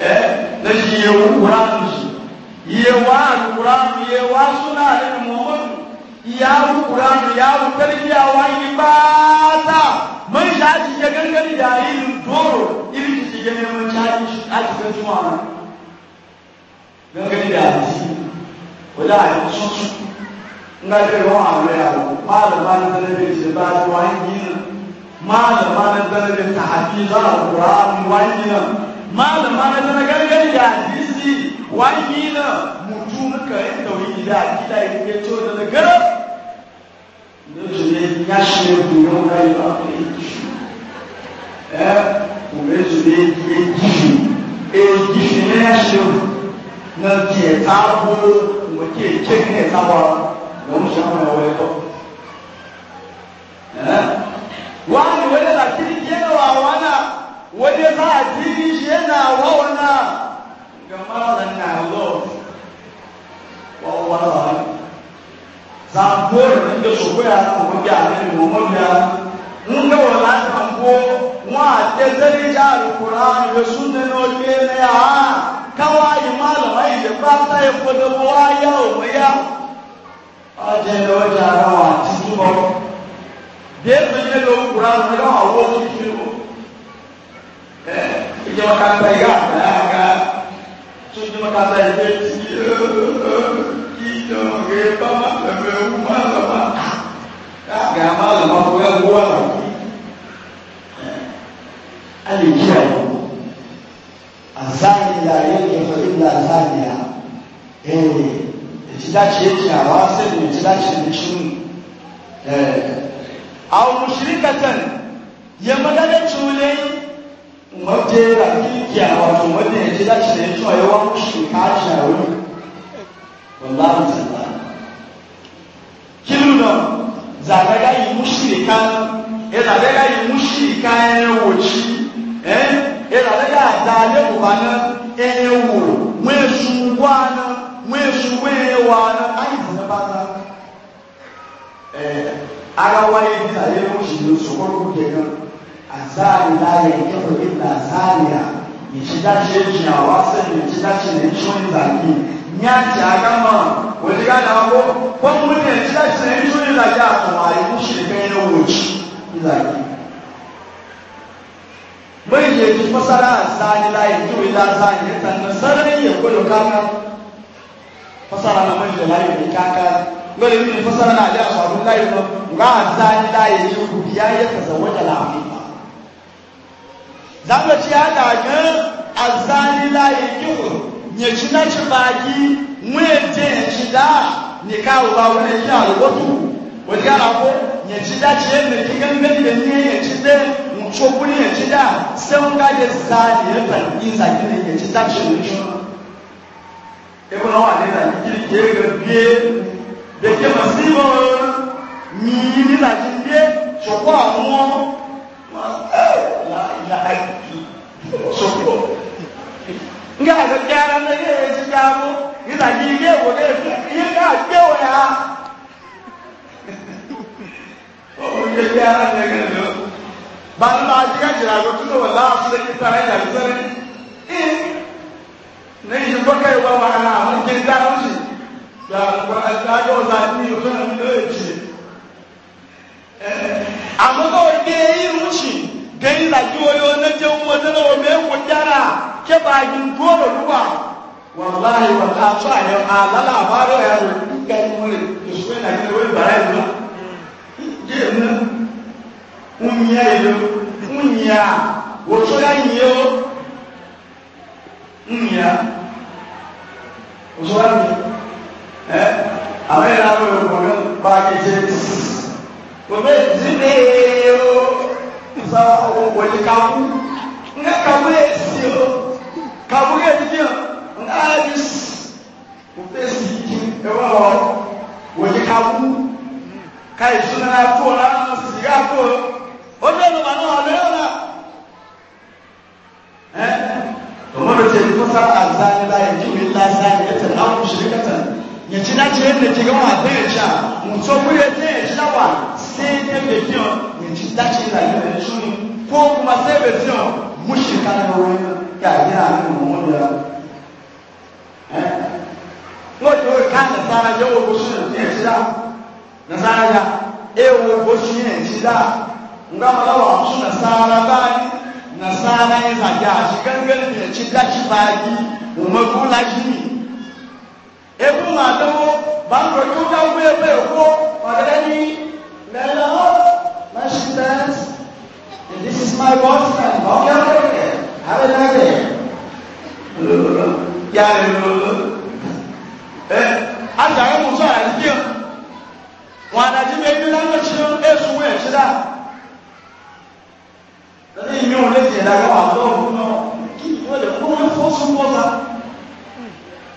eh da shi yau qur'an shi yewa qur'an yewa suna da muhammad ya qur'an ya tarbiya wa ibada man shaji ya gangani da yin doro irin shi ya neman shaji shi a cikin juma'a gangani da hadisi wala a sun su nga da yawan aure a malam malam da ne bai ce ba ta wani gina malama na darajar ta hafiza alquran wani nan malama na darajar gargajiya hadisi wani nan mutum ka yin tauhidi da akida yin ke to da daga ne je ya shi ne buyon ga yi ba eh ko ne je ne ye e gishi ne ya shi na ke tabo ko ke ke ne tabo ga mu shan na wai ko wani wani lakini jena wa wana wani za dini jena wa wana gama da na lo wa wala za ko ne da su ko ya ko ya ne mu mu ya mun da wala kan ko wa da zari ja alquran da sunna no ke ne ya kawai malamai da ba ta yi ko da ya o ya a je da wa ja ra wa diẹ tó yẹ lọ wúra lọ lọ àwọn owó tuntun lọ ẹ ìjọba ká ta ìyá àgbà yà ká tó ìjọba ká ta ìgbẹ tí kí ìjọba ké bá má tẹ̀lé ewu má lọ má ká gà má lọ má fọ ẹwú wà lọ ẹ lè jí àyè azani la yẹ kí ẹ fọ ìlú azani à dá tiẹ̀ tiẹ̀ àwọn asẹ́nu ti dá tiẹ̀ tiẹ̀ tiẹ̀ àwọn mùsùlùmí kẹtẹ yẹmọdé tún lé wọn jẹ àkíkì àwọn tó wọn lè jẹ láti lè tún ọyọ wọn mùsùlùmí káàkiri àwọn yìí wọn bá wọn sẹlẹ kílù náà zàbẹ́gà yìí mùsùlùmí kan ẹ zàbẹ́gà yìí mùsùlùmí kan ẹ wò jí ẹ ẹ zàbẹ́gà àdá alẹ́ kò bá náà ẹ wò wọn èsù wá ara waye da ya mushi ne su farko kenan azali la ya kafa illa zaliya ya ci dace shi a wasan ya ci dace ne shi zaki ya ci a gama wani gana ko kwan mutum ya ci dace ne shi zaki a kuma ya mushi ne kai na wuce zaki mai ya ci fasara azali la ya ji illa zaliya tannan sarari ya kwallo kaka fasara na mai da la ya kaka ngole ni fasara na aliya sabu lai no nga azani lai ni ku ya ya kaza wata la mu dan da ciya da ga azani lai ki ku nye china chi baji mwete chida ni ka wa wa ne ya lo tu wani ya ko nye chida chi ne ki ga ne ne ne ye chida mu cho ku ne chida se nga ye zani ya tan inza ki chida chi ne cho na wa ne na ki ki da ke masu yi ni na jinde sọ̀kọ́ àwọn ọmọ sọ̀kọ́ nga àti kíara ní ilé yẹn ti dáàbò nígbà tí ilé ìwò lè fi ilé ká gbé wò ya ọ̀hún ilé kíara ní ilé yẹn lọ bàbá máa ti ká jìnnà àgọ́ tó lọ́wọ́ láàfin lẹ́yìn tí a yà lọ́sẹ̀rẹ̀ ní ìyẹn bọ́kẹ́ ìwà wà hàn àwọn jẹ́ dáàbò sí dájọ́ láti ọjọ́ méjì àmọ́kọ́ gé irun ṣì gé ìlàjú oyo onéjẹ́ wọn nínú omi ẹ̀kọ́ jára kébà yìí gbóòrò lúwà wàláyé wàlá tó àyẹ àlálà àbárò ẹ̀ rẹ̀ nígbà ìmú rẹ̀ ìṣúwé náà ní ewé bàrá ìlú dé mú ńnyẹ ìlú ńnyẹ wòtó yá nyẹ ó ńnyẹ wòtó yá nyẹ àwọn ẹ̀rọ àwọn ọmọdé bá kékeré kò bẹ́ẹ̀ ti ní o sọ wòlé kakú nga kakú yẹ si o kakú yẹ ti bíọ nga ayi kò bẹ́ẹ̀ si kí ẹ wá ọ wòlé kakú ká ìṣúná kó o náà sìgá kó o ó dé ìlú bàtà wà lẹ́yìn náà tọmọdé tẹ ní kó sábà àzáni láyé kí mi láyé sáyé ẹ tẹ náà kó ṣe é kẹtẹ ya ci na ce yadda ke gama zai sha mutu mure zai sha ba sai ne bai fiye ya ci na ce yana yi da shi ko kuma sai bai fiye mushi kana da wani ya yi na nuna wani ya wọ́n yóò ká nasara yẹ wo bó sunu ní ẹ̀sìn dá nasara yá ẹ wo bó sunu ní ẹ̀sìn dá nga mala wa sún nasara báyìí nasara yẹn sàgbé àti gángan ní ẹ̀sìn dá ti báyìí òmùgbó la yìí ewu ma dɔwɔ bankɔ tó dá wúwo ebe èkó ọ̀dẹ́dẹ́ ní lẹ́lẹ́ ọ́ mẹ́sìn tẹ́t this is my boyfriend ọ̀kẹ́ ọ̀kẹ́ abẹ́dẹ́gbẹ́ yà ẹ̀ lọ́lọ́ ẹ ajayi muso àyíké wọn adájí bẹ ebi lánàá tsi ní esu wẹ̀ tsi dá lọ́dẹ́ yìí mi ò lè tẹ̀lé àgbà wà lọ́wọ́ fún mi kí wọ́n lè kó wọn fọ́ sùn bọ́ sa.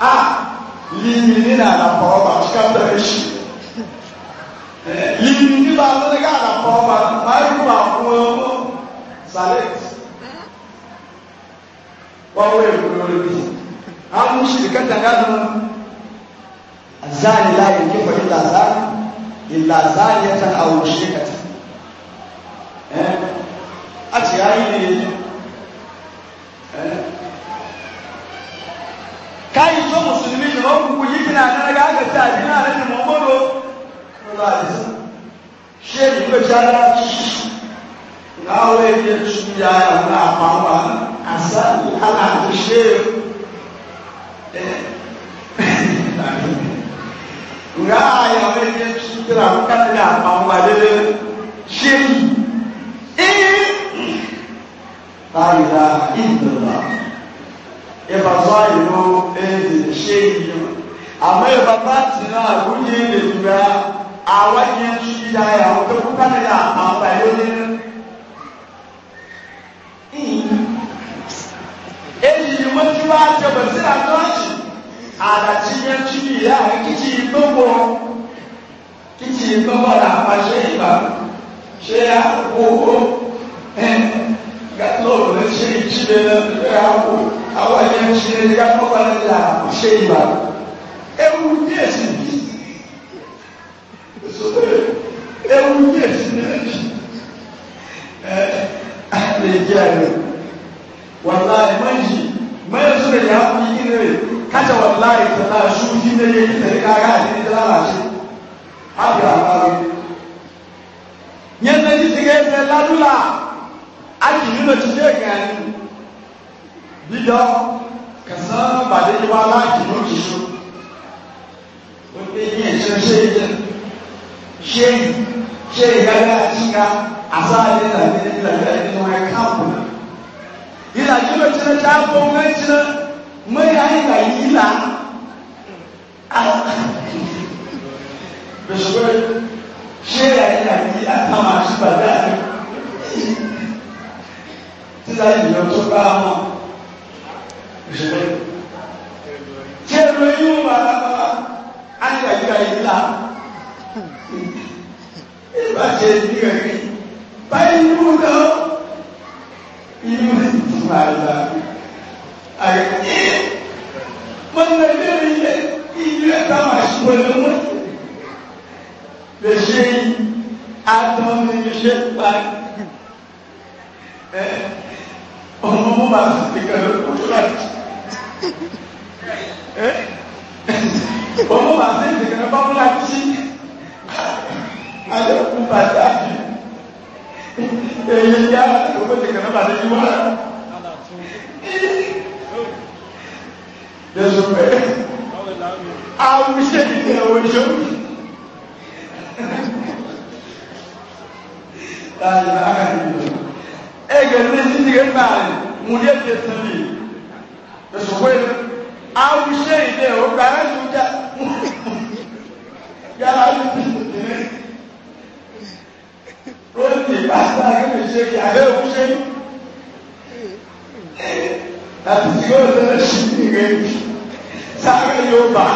a limini na anapɔrɔba kata ehyi limini baako ne ka anapɔrɔba maa yi baako ɛmu salet wawo ekuro ne bi amu si kata ka no azani la yi kifa ila zani ila zani yɛ ta awo si kata ɛɛ ati ayi ne yɛ ɛɛ kai to musulmi ne wani ku yi kina na daga aka ta ji na nan muhammadu sallallahu alaihi wasallam shehu ko jara na wai ya ci ya na mama asali ala ku shehu nga ya wai ya ci kira kan da mama dele shehu eh la ilaha illallah ìbàbá ìlú èdè ṣé ìlú àmọ́ ìbàbá tì náà wúyé lè dùgbà àwọn yẹn tún yíya ẹ̀ àwọn tó kú kánìyà àwọn ẹ̀yọ́ nínú. èyí wọ́n ti wá jẹ̀bọ̀ sí àtọ́jú àdàtí yẹn tún yíya ẹ̀ kíkì gbogbo kíkì gbogbo làpá ṣé ìbà ṣé àkókò ẹ̀ lóòrùn ní ṣe ìṣe ẹ̀rọ àwọn ẹ̀yẹ ń ṣe ẹ̀yẹ kọ́kọ́ nílà ṣe ìgbà ewu díẹ̀ sí bí ewu díẹ̀ sí ní ẹ̀ lè jẹ́ ẹ̀rọ wàlá ẹ̀mọ́yì mẹ́rin sọ̀rọ̀ ìyá fún yín rẹ̀ kájà wàlá ìtẹ̀lá ṣú yí lẹ́yẹ ìtẹ̀lẹ́ kára àti ìtẹ̀lá àṣẹ àbúrò àbáwí. yẹn lẹ́yìn ti kẹ́ ẹ̀ ládùúlà aji nuna cike gani bidan ka san ba daidai ba la ki O ki so wanda yin shan shaidin shayi shayi gani a cika a sa ne da ne da ne da wani kamfu ila nuna cike ta ko mai cike mai ayi ga ila bishiyar shayi ga ila ni a kama shi ba da ne israeli yóò tó bá wọn ìṣẹ̀lẹ̀ tí ẹ lọ yóò wà lábàá ánìkàjúkà yìí la ìgbà tí ẹ bí rẹ rí báyìí ní wọn lọ inú rẹ ti wà lọ àyè wọn lọ bí rẹ yẹ ìlú ẹ táwọn àṣìwọ lọ wọn lè ṣe adọ́mẹ́yẹsẹ́ pa ẹ ọmọ mú bá nìkan ló kó tó láti ọmọ bá sí nìkan ló bá mú láti alẹ́ kú bàtà èyí yá ọmọ nìkan ló bá sí ní wọ́n. Jésù pé àwọn iṣẹ́ nìkan ò ṣe é. Láyé láyé egele sinige mbali muli ebyesibili esokwele awusheide ogaasuja yalalupisitire loti basakemesheki abeushei atisigozele sinige sakayoba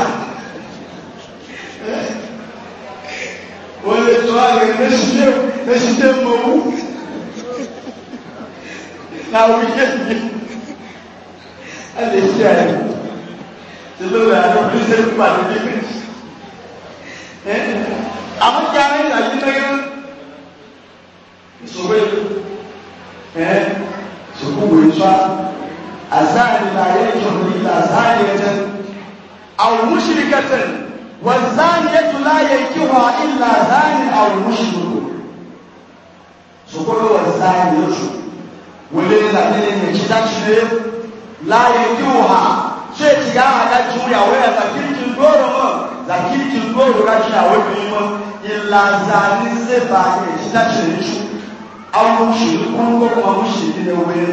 wole twage nesitemo na wíyé mi a lè ṣe àyè tìlú rẹ̀ àti pèsè nípa àti bíbí. Àwọn kí a ní ìlàjì lẹ́yìn ìṣòro ìṣòro wò ìṣọ́ àzáàlì láyé ìṣòro ìlà àzáàlì ẹ̀jẹ̀. Àwọn mùsùlùmí kẹtẹ̀ wọ́n záàlì ẹ̀tù láyé kí wòle la ne ne mɛtsi da tsi ɖe la yi ha tse tsi ka ha da tsi wò yawo ya la kiri tsi do ɖo mɔ la kiri tsi do ɖo ka tsi yawo bi mɔ ila za ni se ba mɛtsi da tsi ɖe tsi awo tsi kɔnkɔ kɔnkɔ tsi ɖe ne wòle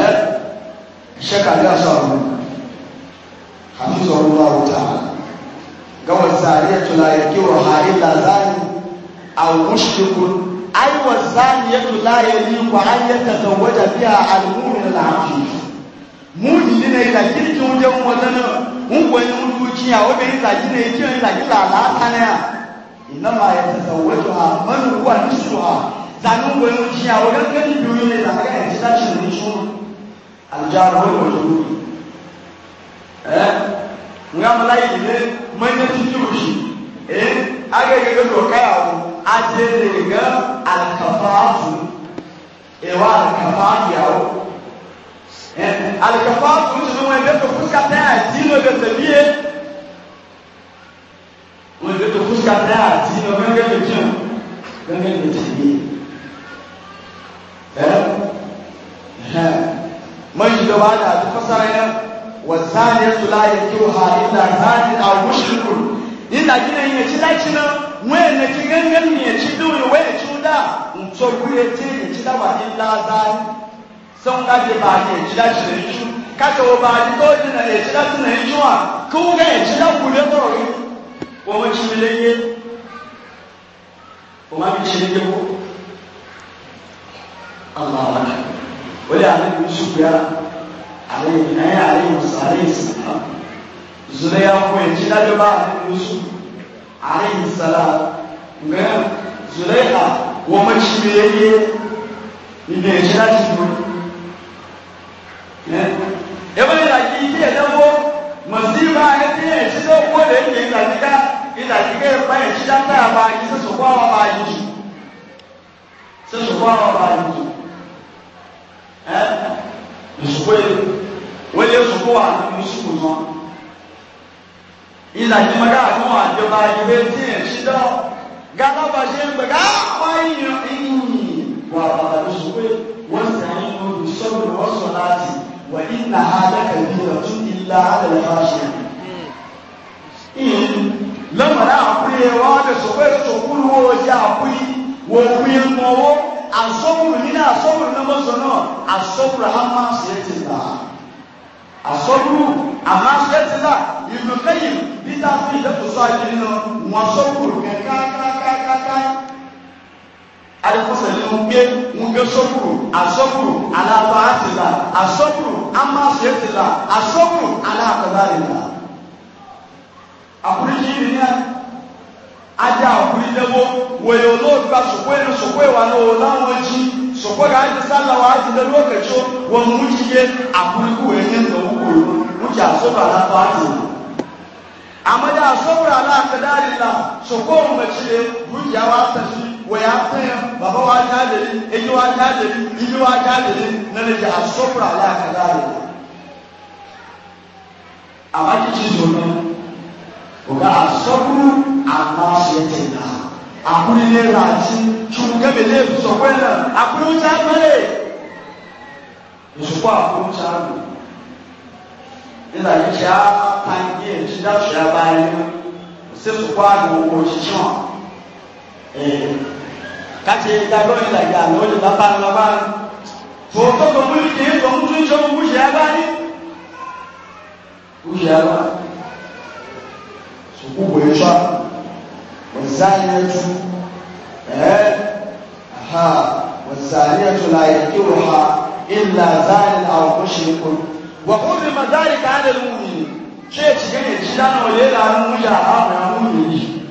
ɛ tse ka di asɔ alo kanu sɔrɔ wa o ta gawo sa yi tula yi ti wò ha ila za awo tsi kɔnkɔ ai wa zaniyatu la yaliqu an yatazawwaja biha al-mu'min al-'abid mu'min ne da kirkin wajen wannan mun gwani mun duki ya wabe ni zaki ne yake ni zaki lalata ne inna ma yatazawwaju man huwa nishuha zanin gwani mun ya wajen gani biyu ne da ga yanzu da shi ne shi al-jaru wal majrur eh ngam lai ne manyan cikin shi eh aga ga ga doka yawo adele ga alkafafu ewa alkafafu yawo alkafafu ti wọn ebe to fuska tẹ ati na ebe tẹ bie wọn ebe to fuska tẹ ati na gange ne tiẹ gange ne tiẹ bie ẹ mayi da ba da ta fasara ya wa zaniyatu la yakuha illa zanin aw mushrikun inda gina yin ci dai ci nan wọn na ki gangan ne ci du ne wai ci da mun so gure ce ne ci da ba in la zai son da je ba ne ci da shi shi ka to ba ni to ne ne ci da su ne shi wa ku ga ci da ku ne to ri wa mun ci ne ye ko ma ci ne ko o Allah wala annabi Yusuf ya alayhi na ya alayhi sallallahu alaihi wasallam zuriya ko ci da ba Yusuf alayhi salam nga zulaikha wa macibiyayye ina ya kira shi ne ebe ina ki ike ya dabo masifa ya ce ya ci zan ko da yake ina kika ina kika ya bayan ci dan ta ba ki sai su kwawa ba ki sai su kwawa ba ki eh su kwaye wani su kowa musu kuma ìlàjì mọ́gá fún àjọba ìwé tí ẹ̀ ṣí dọ́ gálábà ṣe ń gbẹ̀gá wáyìnyàn ìyìn wà bàbá ló sọ pé wọ́n sì ń mú ìṣọ́gun wọ́n sọ láti wà ìlà àdàkà ìbí ọ̀tún ìlà àdàlẹ̀ bá ṣe. lọ́mọdé àpúyẹ wọn lè sọ pé sọkúrú wo ṣe àpúyí wo pín mọ́wọ́ àsọ́kùrù nínú àsọ́kùrù náà mọ́sọ̀ náà àsọ́kùrù á máa ṣe é ti gbà á asọ́kúrú àmọ́ aṣẹ́tìlá ìlú kẹ́yìn níta sí ìdẹ́kùsọ àjẹyìn lọ wọn sọ́kúrú kẹ́kẹ́kẹ́kẹ́kẹ́ adẹ́kùsọ nínú gbé wọn gbé sọ́kúrú asọ́kúrú alábọ̀ àtìlá asọ́kúrú àmọ́ aṣẹ́tìlá asọ́kúrú alábọ̀lá ìlà. àkúrẹ́jì yìí nìyẹn ajá àkúrẹ́jẹ́wó wòye olóògbà sọ̀kúrẹ́ sọ̀kúrẹ́ wà ní òun láwọn ẹjí so kwa ga ji sallawa aji da lokaci wani wuce a kurkuwa yin da hukuru wuce a sobara ba ta amma da sobara na kadarila so ko mace wuce wa ta shi wa ya tsaye baba wa jadiri eji wa jadiri ili wa jadiri na da ji a sobara na kadarila amma ki ci zo nan ko ga a soburu amma shi ya ce na àkúnilé làjí ṣùgbọ́nbẹ̀lẹ̀ ìṣọ̀pẹ́ náà àkúnúnṣà mẹ́lẹ̀ ìṣùpọ̀ àkúnúnṣà mọ̀ nígbà yìí ṣe á tangi èjì dáṣẹ́ abáyé ṣé ṣùpọ̀ àgbò òṣìṣẹ́ wọn. káṣí ìdájọ́ ìlàjà àná ó lè bá bá lọ bá tó tó tó mú ìdí tó ń tún ṣe òun ṣe abáyé. ó ṣe abáyé ṣùkú wòye ṣọ́ọ̀bù. والزانية ها والزانية لا ينكرها إلا زان أو مشرك وحرم ذلك على المؤمنين شيء تجري تجدان وليل عن مجاهد عن المؤمنين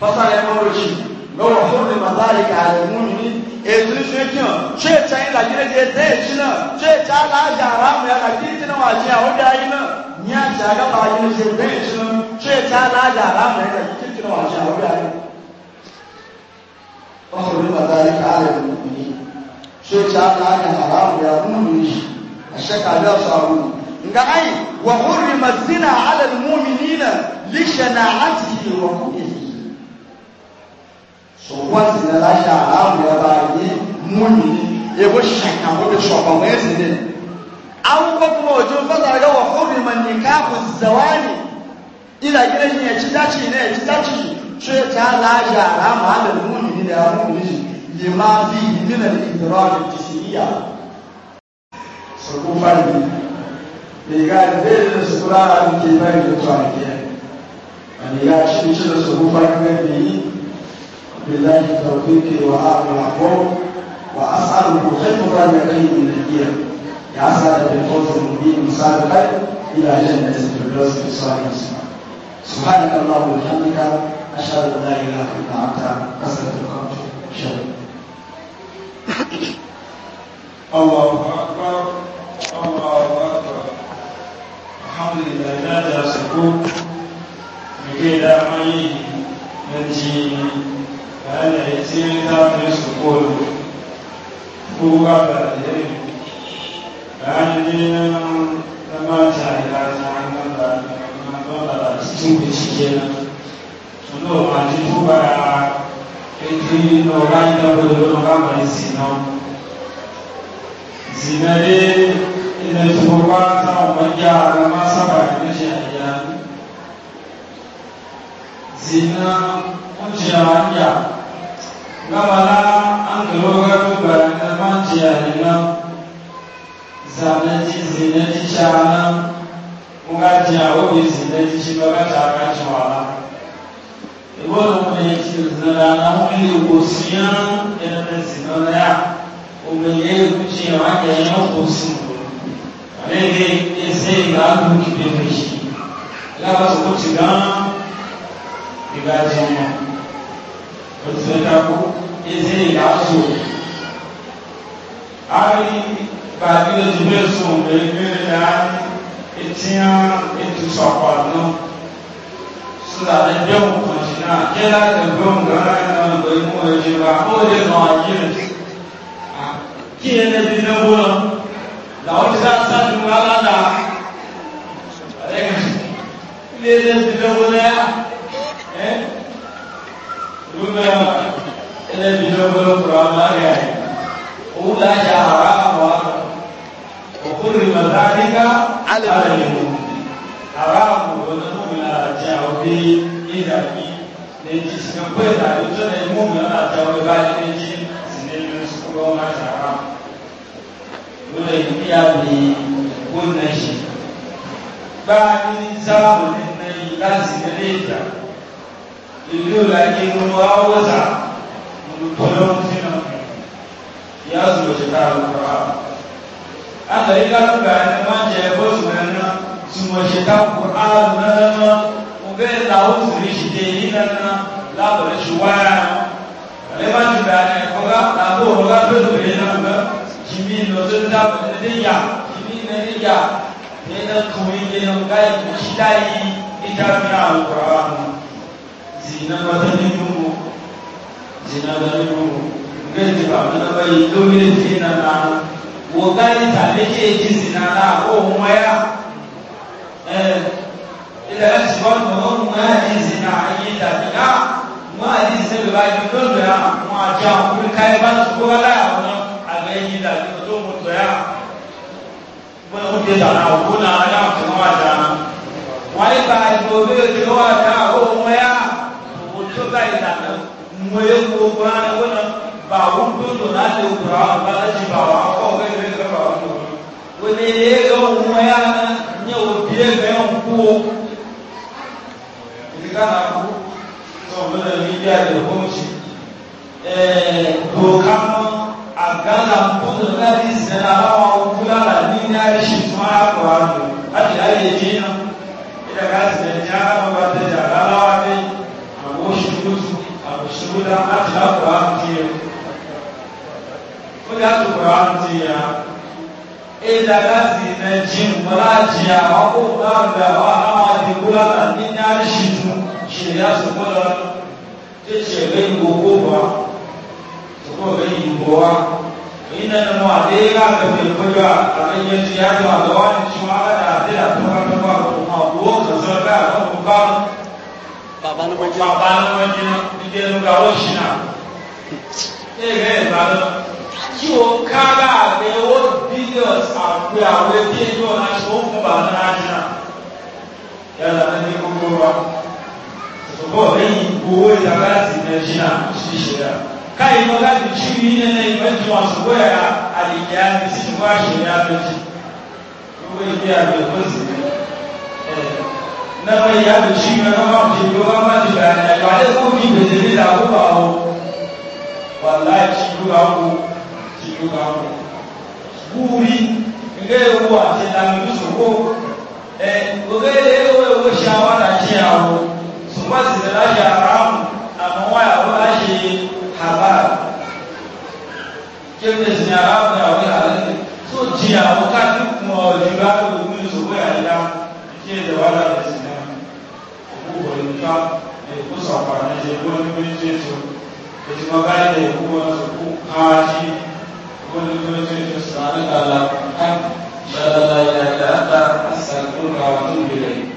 فصل يقول شيء لو حرم ذلك على المؤمنين ètò ìṣèkìyàn ṣé ìtàn ìlà jíjẹ ẹsẹ ìṣúná ṣé ìtàn aláàjà aráàmù yàrá kí ní tinubu àti àwọn ọdẹ ayé náà ní àti àgbàbà ayé ṣe ẹsẹ ìṣúná ṣé ìtàn aláàjà aráàmù yàrá kí nínú àṣà orí ayé ọkùnrin bàtà yìí káàlẹ̀ nìyí ṣé tí a kà á yà àrà àwòrán àbúrò yìí àṣẹ kàlẹ́ ọ̀sọ̀ àwọn nga ayi wà hóri mazina alẹ́ múmi nínà líṣẹ̀ náà láti yìí wọ̀ sọ̀kọ́ sílẹ̀ láṣà àrà àwòrán bá yìí múmi ebo ṣàkà wọ́n sọ̀ ọ̀mọ́ ẹ̀sìn dẹ̀ awúkọ́ fún ọjọ́ fọ́tàgà wà hóri mà nìkà kò zẹ̀wá nìyí ila gidan ya ci daci ne ya ci daci sai ta laja rama da muni da muni lima fi min al-idrar al-tisriya su ku fari ne ga da da su kula da ke bari da tsaki ne ga shi shi da su ku fari ne ne billahi tawfiqi wa a'lamu wa as'aluhu khayran min ayyi nabiy ya sa da bi qawli mubin sabiqan ila jannati al-firdaus bi sallallahu alaihi wasallam سبحانك اللهم وبحمدك أشهد أن لا إله إلا أنت أستغفرك وأتوب الله أكبر الله أكبر الحمد لله لا تسكون لكي لا معي من جيني فأنا يتيني تاتي سكون هو بعدين بعدين لما تعي لا تعلم anadɔla sitini tsidze na tunu ɔmadi tó ba eti n'ɔba yi na wele ungatia obviously netishimbakataakachwala ibonokunechizinana umili ukusiya enezinonaya umenyei kuchiya wanjanya ukusimbu alenge ezengaandu kipepeshi labasokutiga igajama otizetaku ezengazo ali babilejibesombeibeeani etia etu sapa no sila ne bɛ mu kɔnsi na yɛlɛ ati bɛ mu gana yɛ na bɛ mu ɛdi ba o de nɔ ayi ne a ki yɛ ne bi ne wo lɔ la o ti sa sa du ala la ale ka ne yɛ ne ɛ olu bɛ ɛ ne bi kura ma yɛ o la yɛ ara wa o ko ma taa ni ka alimu haramu wananunua jaobi idaki neji sinakwenda utone mume atawe bali neji sinene sukuma haramu ule pia ni kuneshi bali zamu ni kazi nileta ilio lakini waoza mtoleo mzima yazo jitaro kwa àtàríkà lọ́gbà ẹni máa ń jẹ bóṣù ẹni tìmọ̀ṣẹ̀ká kùránù náà ọgbẹ́ làwọn òṣèré ṣìṣe yìí nana lábẹ̀rẹ̀ ṣùwárà àlẹ́bà ti bẹ̀ ẹni ọ̀gá làbọ̀ ọ̀gá tó lò lé náà lọ jìmí lọ́tọ́ dábọ̀ ẹ̀dẹ́yà jìmí ẹ̀dẹ́yà ẹ̀dẹ́ kùnrin yẹn ọ̀gá ẹ̀kọ́ ṣídá yìí níta fi àwọn kùránù zìnnà bàtà nínú wọn zìnnà bàtà nínú wọn ọgbẹ́ ìdìbò àwọn ọ̀gá yìí lórí wògánítà méjèèjì sì nàlá òun ẹ̀yà ilẹ̀ ẹ̀sìn bọ́ọ̀lù òun ẹ̀yìn sì nà ayé dàbí náà wọn àti ìsẹ́lẹ̀ báyìí lónìí à wọn àjọ àwọn orí káyọ̀ bá tó kó wọlé àwọn àgbẹ̀ yìí dàbí tó mú tó yà wọn ò dé dàná òkú náà wọn yà kó wọn àjà náà wọn yìí bá ìbò bí o ti wọn àjà òun ẹ̀yà òun tó bá yìí dàná mú ewu wọn àwọn bàwọn tó dùn láti òkúra wọn bá láti bàwọn akọ̀ ne ye ga wuma ya bie ga ya nkuwo ku to mo na mi de ko mo si ɛɛ doka na ko na di sɛ na ba ya la ni na ye ya ye di na ita ka sɛ ni te ja ka la wa ne a ko si ko su a ko si ko da a ti a ya ila kasi na jin wala jiya wa ko ba ga wa na ma ti kula na ni ya shi tu shi ya su ko da ce ce bai go ko ba su ko bai yi go wa ina na ma de ga ga bai ko ga a nan ya ji ya ga da wa ni shi ma da da da to ka ka ba ko ma ko ka zo ga ko ko ba baba na ma ji baba na ma ji ni o no ga wo shi na eh eh ba da o ka ga de o serious àpè àwọn ẹbí ẹgbẹ́ ọ̀nà aṣọ òkun bàbá náà jìnnà yàrá ní gbogbo wa ṣùgbọ́n lẹ́yìn owó ìdàgbà láti nàìjíríà ṣíṣe rà káyìí mọ́ láti jí mi nínú ìgbẹ́jọ àṣùgbọ́ ẹ̀rá àlèyé àti sínú àṣírí àbẹ̀jì owó ìgbé àbẹ̀kọ́ sí ẹ̀ náà yìí àbẹ̀jì mi ọ̀nà máa fi ìlú wa máa ti gbà ní ẹ̀kọ́ àdéhùn mi gbèsè àwọn tìlú àwọn kúrí ilé ewu àti ìlànà ìṣòwò ẹ òkè ilé ewu ewu ṣe àwọn àdáṣe àwọn ṣùgbọ́n sì lè láṣẹ àràmù àmọ́ wọn àwọn láṣẹ àbá kéde sí àràmù àwọn àlẹ́ tó di àwọn káàkiri kún ọ ìjọba tó gbogbo ìṣòwò àyíká kí èdè wà láti sí náà òkú wọ̀ nípa èkó sọ̀pà ní ṣe gbọ́n ní méjèèjì ètò ìmọ̀ báyìí èkó wọn sọ̀kú káwájú. Kulit-kulit dalam hati, belajar layar data, satu rambut bilik.